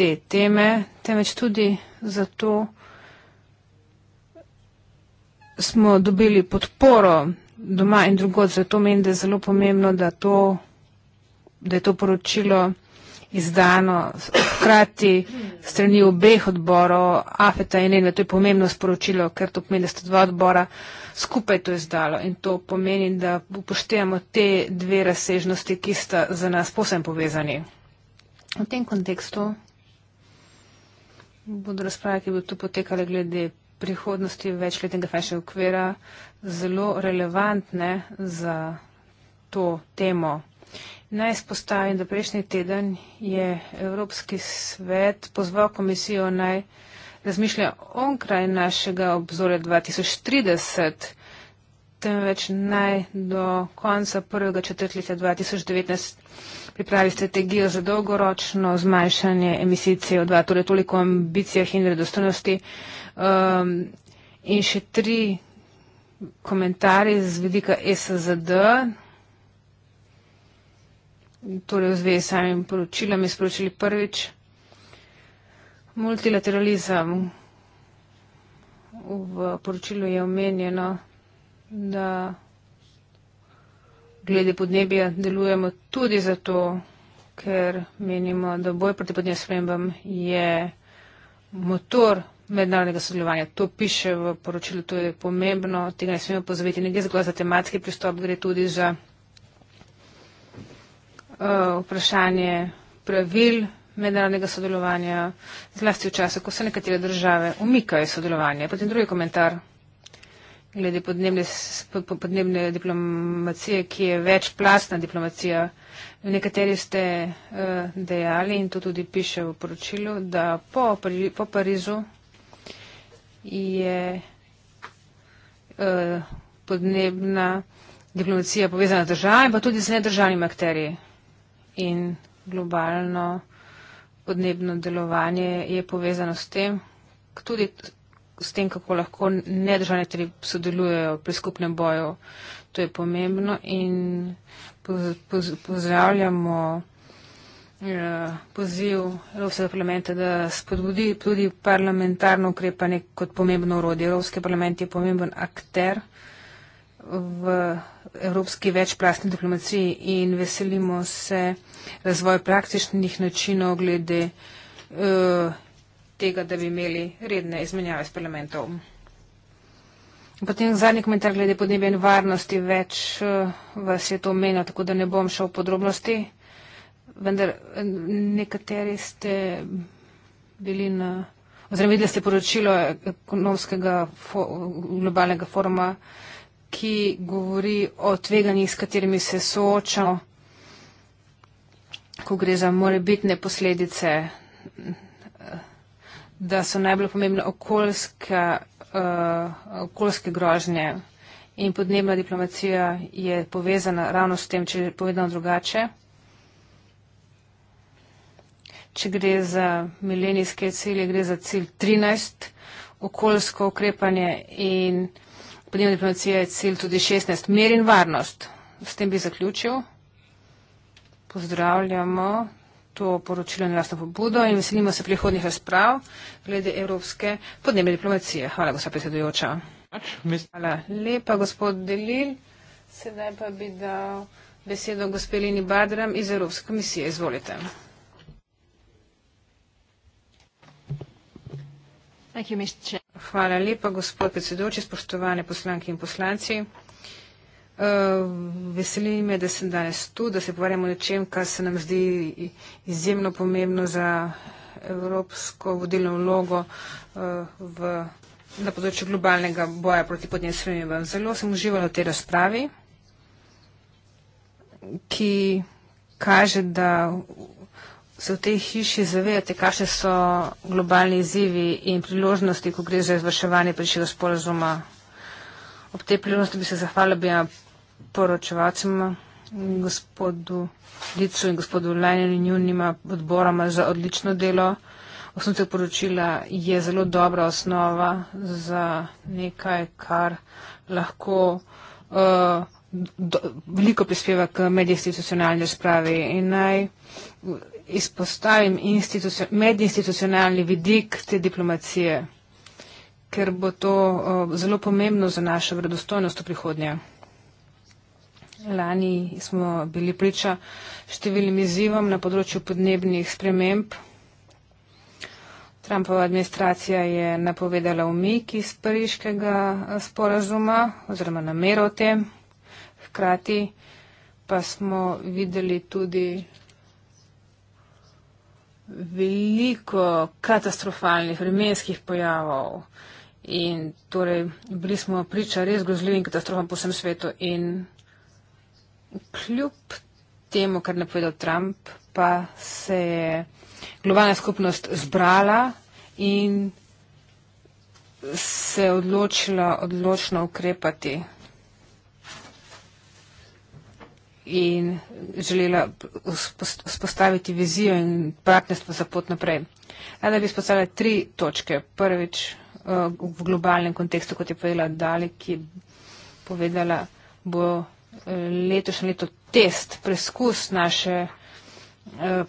te teme, temveč tudi zato smo dobili podporo doma in drugod. Zato menim, da je zelo pomembno, da, to, da je to poročilo izdano hkrati strani obeh odborov, AFETA in ENA. To je pomembno sporočilo, ker to pomeni, da sta dva odbora skupaj to izdalo in to pomeni, da upoštevamo te dve razsežnosti, ki sta za nas posebno povezani. V tem kontekstu bodo razprave, ki bodo tu potekale glede prihodnosti večletnega finančnega okvira, zelo relevantne za to temo. Naj spostavim, da prejšnji teden je Evropski svet pozval komisijo naj razmišlja onkraj našega obzorja 2030, temveč naj do konca prvega četrtletja 2019 pripravi strategijo za dolgoročno zmanjšanje emisij CO2, torej toliko o ambicijah in redostojnosti. Um, in še tri komentarje z vidika SZD, torej v zvezi s samim poročilom, izporočili prvič multilateralizem. V poročilu je omenjeno, da glede podnebja delujemo tudi zato, ker menimo, da boj proti podnebnim spremembam je motor mednarodnega sodelovanja. To piše v poročilu, to je pomembno, tega ne smemo pozaviti. Ne gre zgolj za tematski pristop, gre tudi za uh, vprašanje pravil mednarodnega sodelovanja, zlasti v času, ko se nekatere države umikajo sodelovanje. Potem drugi komentar glede podnebne, podnebne diplomacije, ki je večplastna diplomacija. Nekateri ste eh, dejali in to tudi piše v poročilu, da po, po Parizu je eh, podnebna diplomacija povezana z državami, pa tudi z nedržavnimi akteri. In globalno podnebno delovanje je povezano s tem, tudi s tem, kako lahko nedržavne tri sodelujejo pri skupnem boju. To je pomembno in poz, poz, pozdravljamo eh, poziv Evropskega parlamenta, da spodbudi tudi parlamentarno ukrepanje kot pomembno urodje. Evropski parlament je pomemben akter v evropski večplastni diplomaciji in veselimo se razvoj praktičnih načinov glede uh, tega, da bi imeli redne izmenjave s parlamentom. Potem zadnji komentar glede podnebja in varnosti. Več eh, vas je to omenjalo, tako da ne bom šel v podrobnosti. Vendar eh, nekateri ste bili na. Oziroma videli ste poročilo ekonomskega fo, globalnega foruma, ki govori o tveganjih, s katerimi se soočamo, ko gre za morebitne posledice da so najbolj pomembne okoljske, uh, okoljske grožnje in podnebna diplomacija je povezana ravno s tem, če je povedano drugače. Če gre za milenijske cilje, gre za cilj 13, okoljsko ukrepanje in podnebna diplomacija je cilj tudi 16, mir in varnost. S tem bi zaključil. Pozdravljamo to poročilo na lastno pobudo in veselimo se prihodnih razprav glede evropske podnebne diplomacije. Hvala, gospod predsedujoča. Hvala lepa, gospod Delil. Sedaj pa bi dal besedo gospelini Badram iz Evropske komisije. Izvolite. Hvala lepa, gospod predsedujoči, spoštovane poslanke in poslanci. Eh, veseli me, da sem danes tu, da se pogovarjamo o čem, kar se nam zdi izjemno pomembno za evropsko vodilno vlogo eh, v, na področju globalnega boja proti podnebnim vam. Zelo sem uživala v tej razpravi, ki kaže, da se v tej hiši zavedate, kakšne so globalni izzivi in priložnosti, ko gre za izvrševanje prejšnjega sporazuma. Ob tej priložnosti bi se zahvalila, bi vam poročevacima, gospodu Licu in gospodu Lenin in njunima odboroma za odlično delo. Osnutek poročila je zelo dobra osnova za nekaj, kar lahko uh, do, veliko prispeva k medinstitucionalni razpravi. In naj izpostavim medinstitucionalni vidik te diplomacije, ker bo to uh, zelo pomembno za našo vredostojnost v prihodnje. Lani smo bili priča številnim izzivom na področju podnebnih sprememb. Trumpova administracija je napovedala umik iz pariškega eh, sporazuma oziroma namero te. Hkrati pa smo videli tudi veliko katastrofalnih vremenskih pojavov. In torej bili smo priča res grozljivim katastrofam po vsem svetu in kljub temu, kar ne povedal Trump, pa se je globalna skupnost zbrala in se je odločila odločno ukrepati in želela vzpostaviti vizijo in partnerstvo za pot naprej. Rada bi izpostavila tri točke. Prvič eh, v globalnem kontekstu, kot je povedala Dalek, ki je povedala, bo letošnje leto test, preskus naše eh,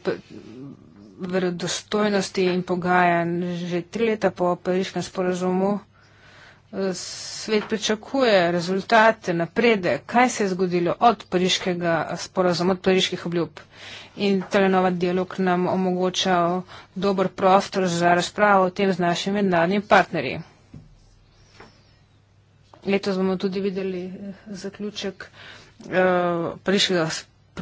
verodostojnosti in pogajanj. Že tri leta po pariškem sporazumu eh, svet pričakuje rezultate, napredek, kaj se je zgodilo od pariškega sporazuma, od pariških obljub. In telenova dialog nam omogoča dober prostor za razpravo o tem z našimi mednarodnimi partnerji. Letos bomo tudi videli eh, zaključek uh, eh, prejšnjega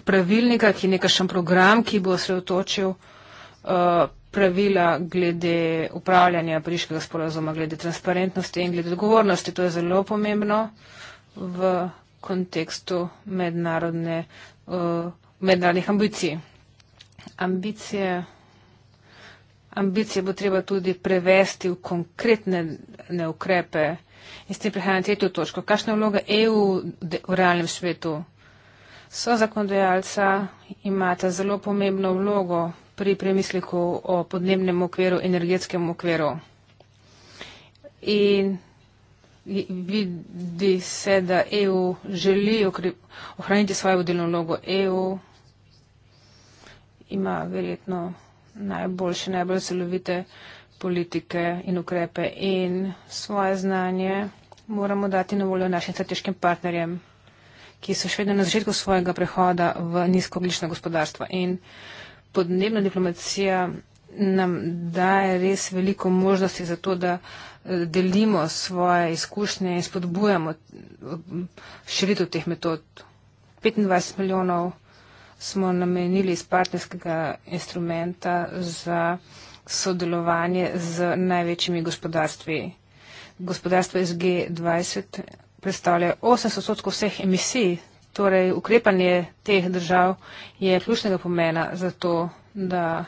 pravilnika, ki je nekaj še program, ki bo osredotočil uh, pravila glede upravljanja pariškega sporazuma, glede transparentnosti in glede odgovornosti. To je zelo pomembno v kontekstu mednarodne, uh, mednarodnih ambicij. Ambicije, ambicije bo treba tudi prevesti v konkretne ukrepe. In s tem prehajam na tretjo točko. Kakšna je vloga EU v realnem svetu? So zakonodajalca imata zelo pomembno vlogo pri premisliku o podnebnem okviru, energetskem okviru. In vidi se, da EU želi ohraniti svojo vodilno vlogo. EU ima verjetno najboljše, najbolj celovite uh, politike in ukrepe in svoje znanje moramo dati na voljo našim strateškim partnerjem, ki so še vedno na začetku svojega prehoda v nizkoglična gospodarstva. In podnebna diplomacija nam daje res veliko možnosti za to, da eh, delimo svoje izkušnje in spodbujamo eh, širitev teh metod. 25 milijonov smo namenili iz partnerskega instrumenta za sodelovanje z največjimi gospodarstvi. Gospodarstvo iz G20 predstavlja 80 odstotkov vseh emisij, torej ukrepanje teh držav je ključnega pomena za to, da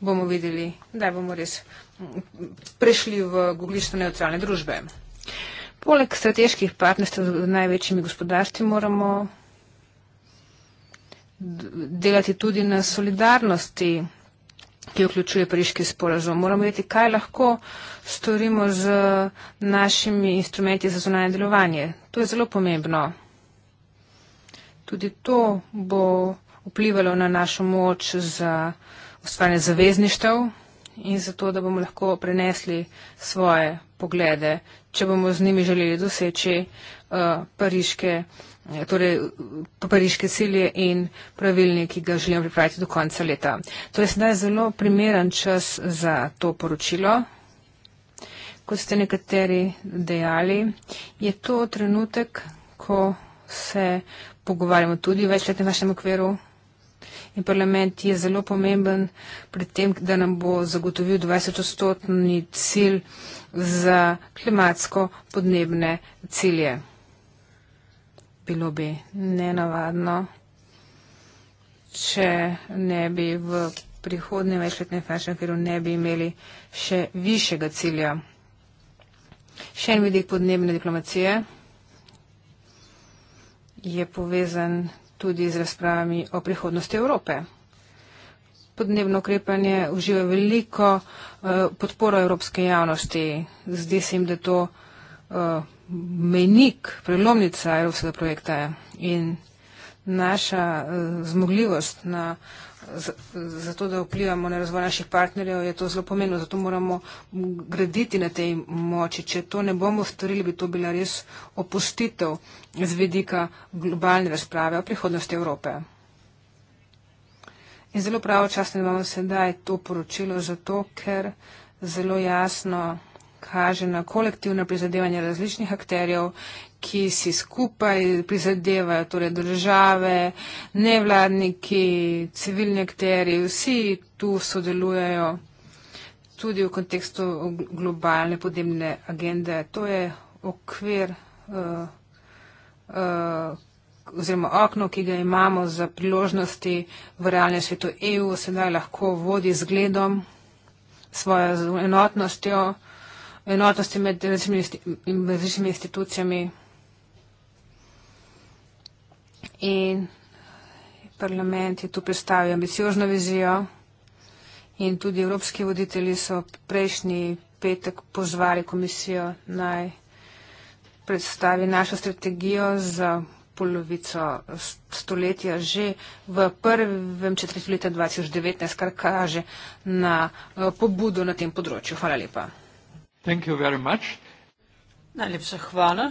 bomo videli, da bomo res mm, prešli v guglično neutralne družbe. Poleg strateških partnerstv z največjimi gospodarstvi moramo delati tudi na solidarnosti ki vključuje pariški sporazum. Moramo vedeti, kaj lahko storimo z našimi instrumenti za zunanje delovanje. To je zelo pomembno. Tudi to bo vplivalo na našo moč za ustvarjanje zavezništev in za to, da bomo lahko prenesli svoje poglede, če bomo z njimi želeli doseči uh, pariške. Ja, torej pariške cilje in pravilnik, ki ga želim pripraviti do konca leta. To torej, je sedaj zelo primeren čas za to poročilo. Kot ste nekateri dejali, je to trenutek, ko se pogovarjamo tudi v večletnem našem okviru. In parlament je zelo pomemben pri tem, da nam bo zagotovil 20-stotni cilj za klimatsko podnebne cilje bilo bi nenavadno, če ne bi v prihodnje večletne fashion fairu ne bi imeli še višjega cilja. Še en vidik podnebne diplomacije je povezan tudi z razpravami o prihodnosti Evrope. Podnebno ukrepanje uživa veliko uh, podporo evropske javnosti. Zdi se jim, da to uh, menik, prelomnica evropskega projekta je in naša uh, zmogljivost na, zato, da vplivamo na razvoj naših partnerjev, je to zelo pomembno. Zato moramo graditi na tej moči. Če to ne bomo storili, bi to bila res opustitev z vedika globalne razprave o prihodnosti Evrope. In zelo pravočasno imamo sedaj to poročilo, zato ker zelo jasno kaže na kolektivno prizadevanje različnih akterjev, ki si skupaj prizadevajo, torej države, nevladniki, civilni akteri, vsi tu sodelujejo tudi v kontekstu globalne podnebne agende. To je okvir uh, uh, oziroma okno, ki ga imamo za priložnosti v realnem svetu. EU sedaj lahko vodi zgledom, svojo enotnostjo enotnosti med različnimi institucijami in parlament je tu predstavil ambiciozno vizijo in tudi evropski voditelji so prejšnji petek pozvali komisijo naj predstavi našo strategijo za polovico stoletja že v prvem četrtletju leta 2019, kar kaže na eh, pobudo na tem področju. Hvala lepa. Thank you very much. Najlepša hvala.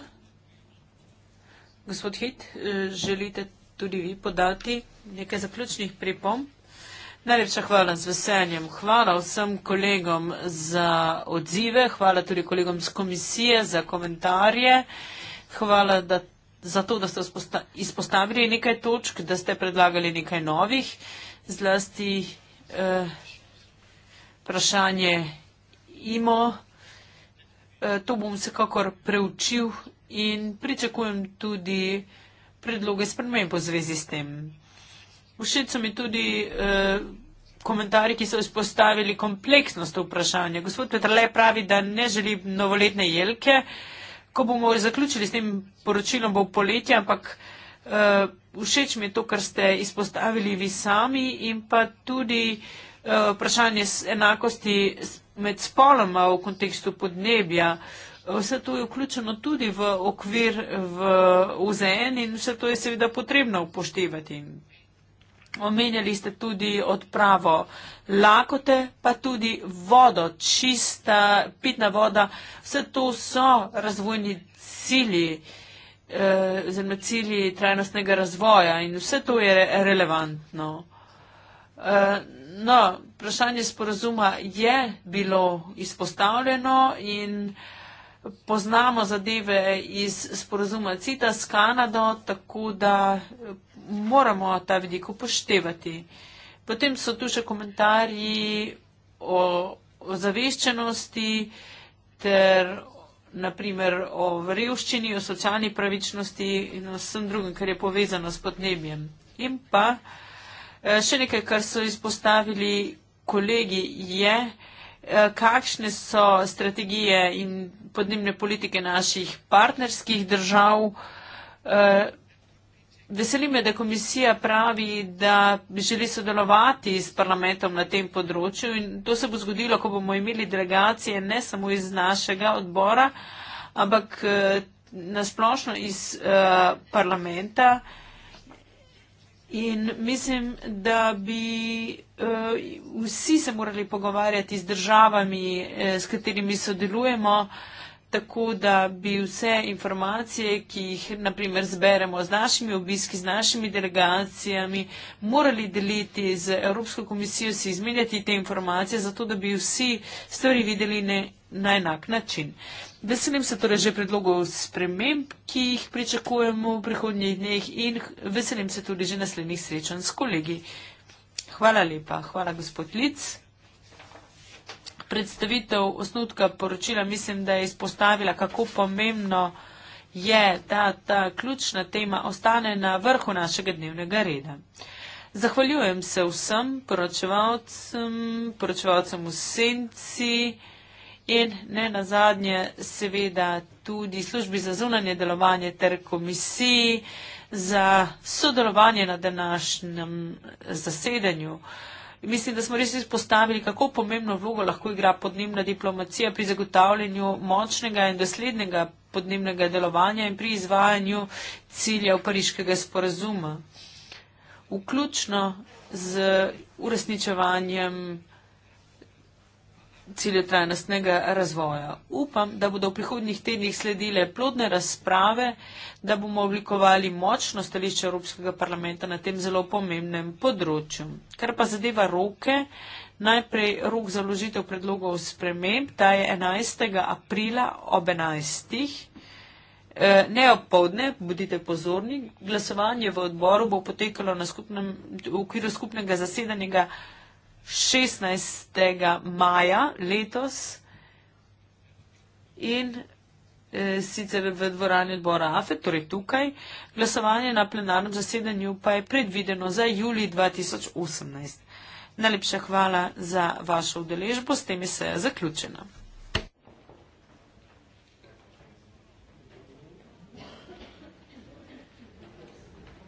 Gospod Hit, eh, želite tudi vi podati nekaj zaključnih pripom? Najlepša hvala z veseljem. Hvala vsem kolegom za odzive, hvala tudi kolegom z komisije za komentarje. Hvala da, za to, da ste izpostavili nekaj točk, da ste predlagali nekaj novih, zlasti eh, vprašanje imo. Eh, to bom vsekakor preučil in pričakujem tudi predloge spremembo v zvezi s tem. Všeč so mi tudi eh, komentarji, ki so izpostavili kompleksnost vprašanja. Gospod Petrle pravi, da ne želi novoletne jelke. Ko bomo zaključili s tem poročilom, bo poletje, ampak eh, všeč mi je to, kar ste izpostavili vi sami in pa tudi. Eh, Eh, vprašanje enakosti med spoloma v kontekstu podnebja. Vse to je vključeno tudi v okvir v UZN in vse to je seveda potrebno upoštevati. Omenjali ste tudi odpravo lakote, pa tudi vodo, čista pitna voda. Vse to so razvojni cilji, oziroma eh, cilji trajnostnega razvoja in vse to je relevantno. Eh, No, vprašanje sporazuma je bilo izpostavljeno in poznamo zadeve iz sporazuma CITA s Kanado, tako da eh, moramo ta vidik upoštevati. Potem so tu še komentarji o, o zaveščenosti ter naprimer o revščini, o socialni pravičnosti in o vsem drugem, kar je povezano s podnebjem. In pa Eh, še nekaj, kar so izpostavili kolegi, je, eh, kakšne so strategije in podnebne politike naših partnerskih držav. Eh, veseli me, da komisija pravi, da želi sodelovati s parlamentom na tem področju in to se bo zgodilo, ko bomo imeli delegacije ne samo iz našega odbora, ampak nasplošno iz parlamenta. In mislim, da bi eh, vsi se morali pogovarjati z državami, eh, s katerimi sodelujemo, tako da bi vse informacije, ki jih naprimer zberemo z našimi obiski, z našimi delegacijami, morali deliti z Evropsko komisijo, si izmenjati te informacije, zato da bi vsi stvari videli ne, na enak način. Veselim se torej že predlogov sprememb, ki jih pričakujemo v prihodnjih dneh in veselim se tudi že naslednjih srečanj s kolegi. Hvala lepa, hvala gospod Lic predstavitev osnutka poročila, mislim, da je izpostavila, kako pomembno je, da ta ključna tema ostane na vrhu našega dnevnega reda. Zahvaljujem se vsem poročevalcem, poročevalcem v senci in ne nazadnje seveda tudi službi za zunanje delovanje ter komisiji za sodelovanje na današnjem zasedanju. Mislim, da smo res izpostavili, kako pomembno vlogo lahko igra podnebna diplomacija pri zagotavljanju močnega in doslednega podnebnega delovanja in pri izvajanju ciljev pariškega sporazuma, vključno z uresničevanjem cilje trajnostnega razvoja. Upam, da bodo v prihodnjih tednih sledile plodne razprave, da bomo oblikovali močno stališče Evropskega parlamenta na tem zelo pomembnem področju. Kar pa zadeva roke, najprej rok za vložitev predlogov sprememb, ta je 11. aprila ob 11. Eh, ne ob povdne, bodite pozorni, glasovanje v odboru bo potekalo v okviru skupnega zasedanjega 16. maja letos in e, sicer v dvorani odbora AFE, torej tukaj. Glasovanje na plenarnem zasedanju pa je predvideno za juli 2018. Najlepša hvala za vašo udeležbo, s tem je seja zaključena.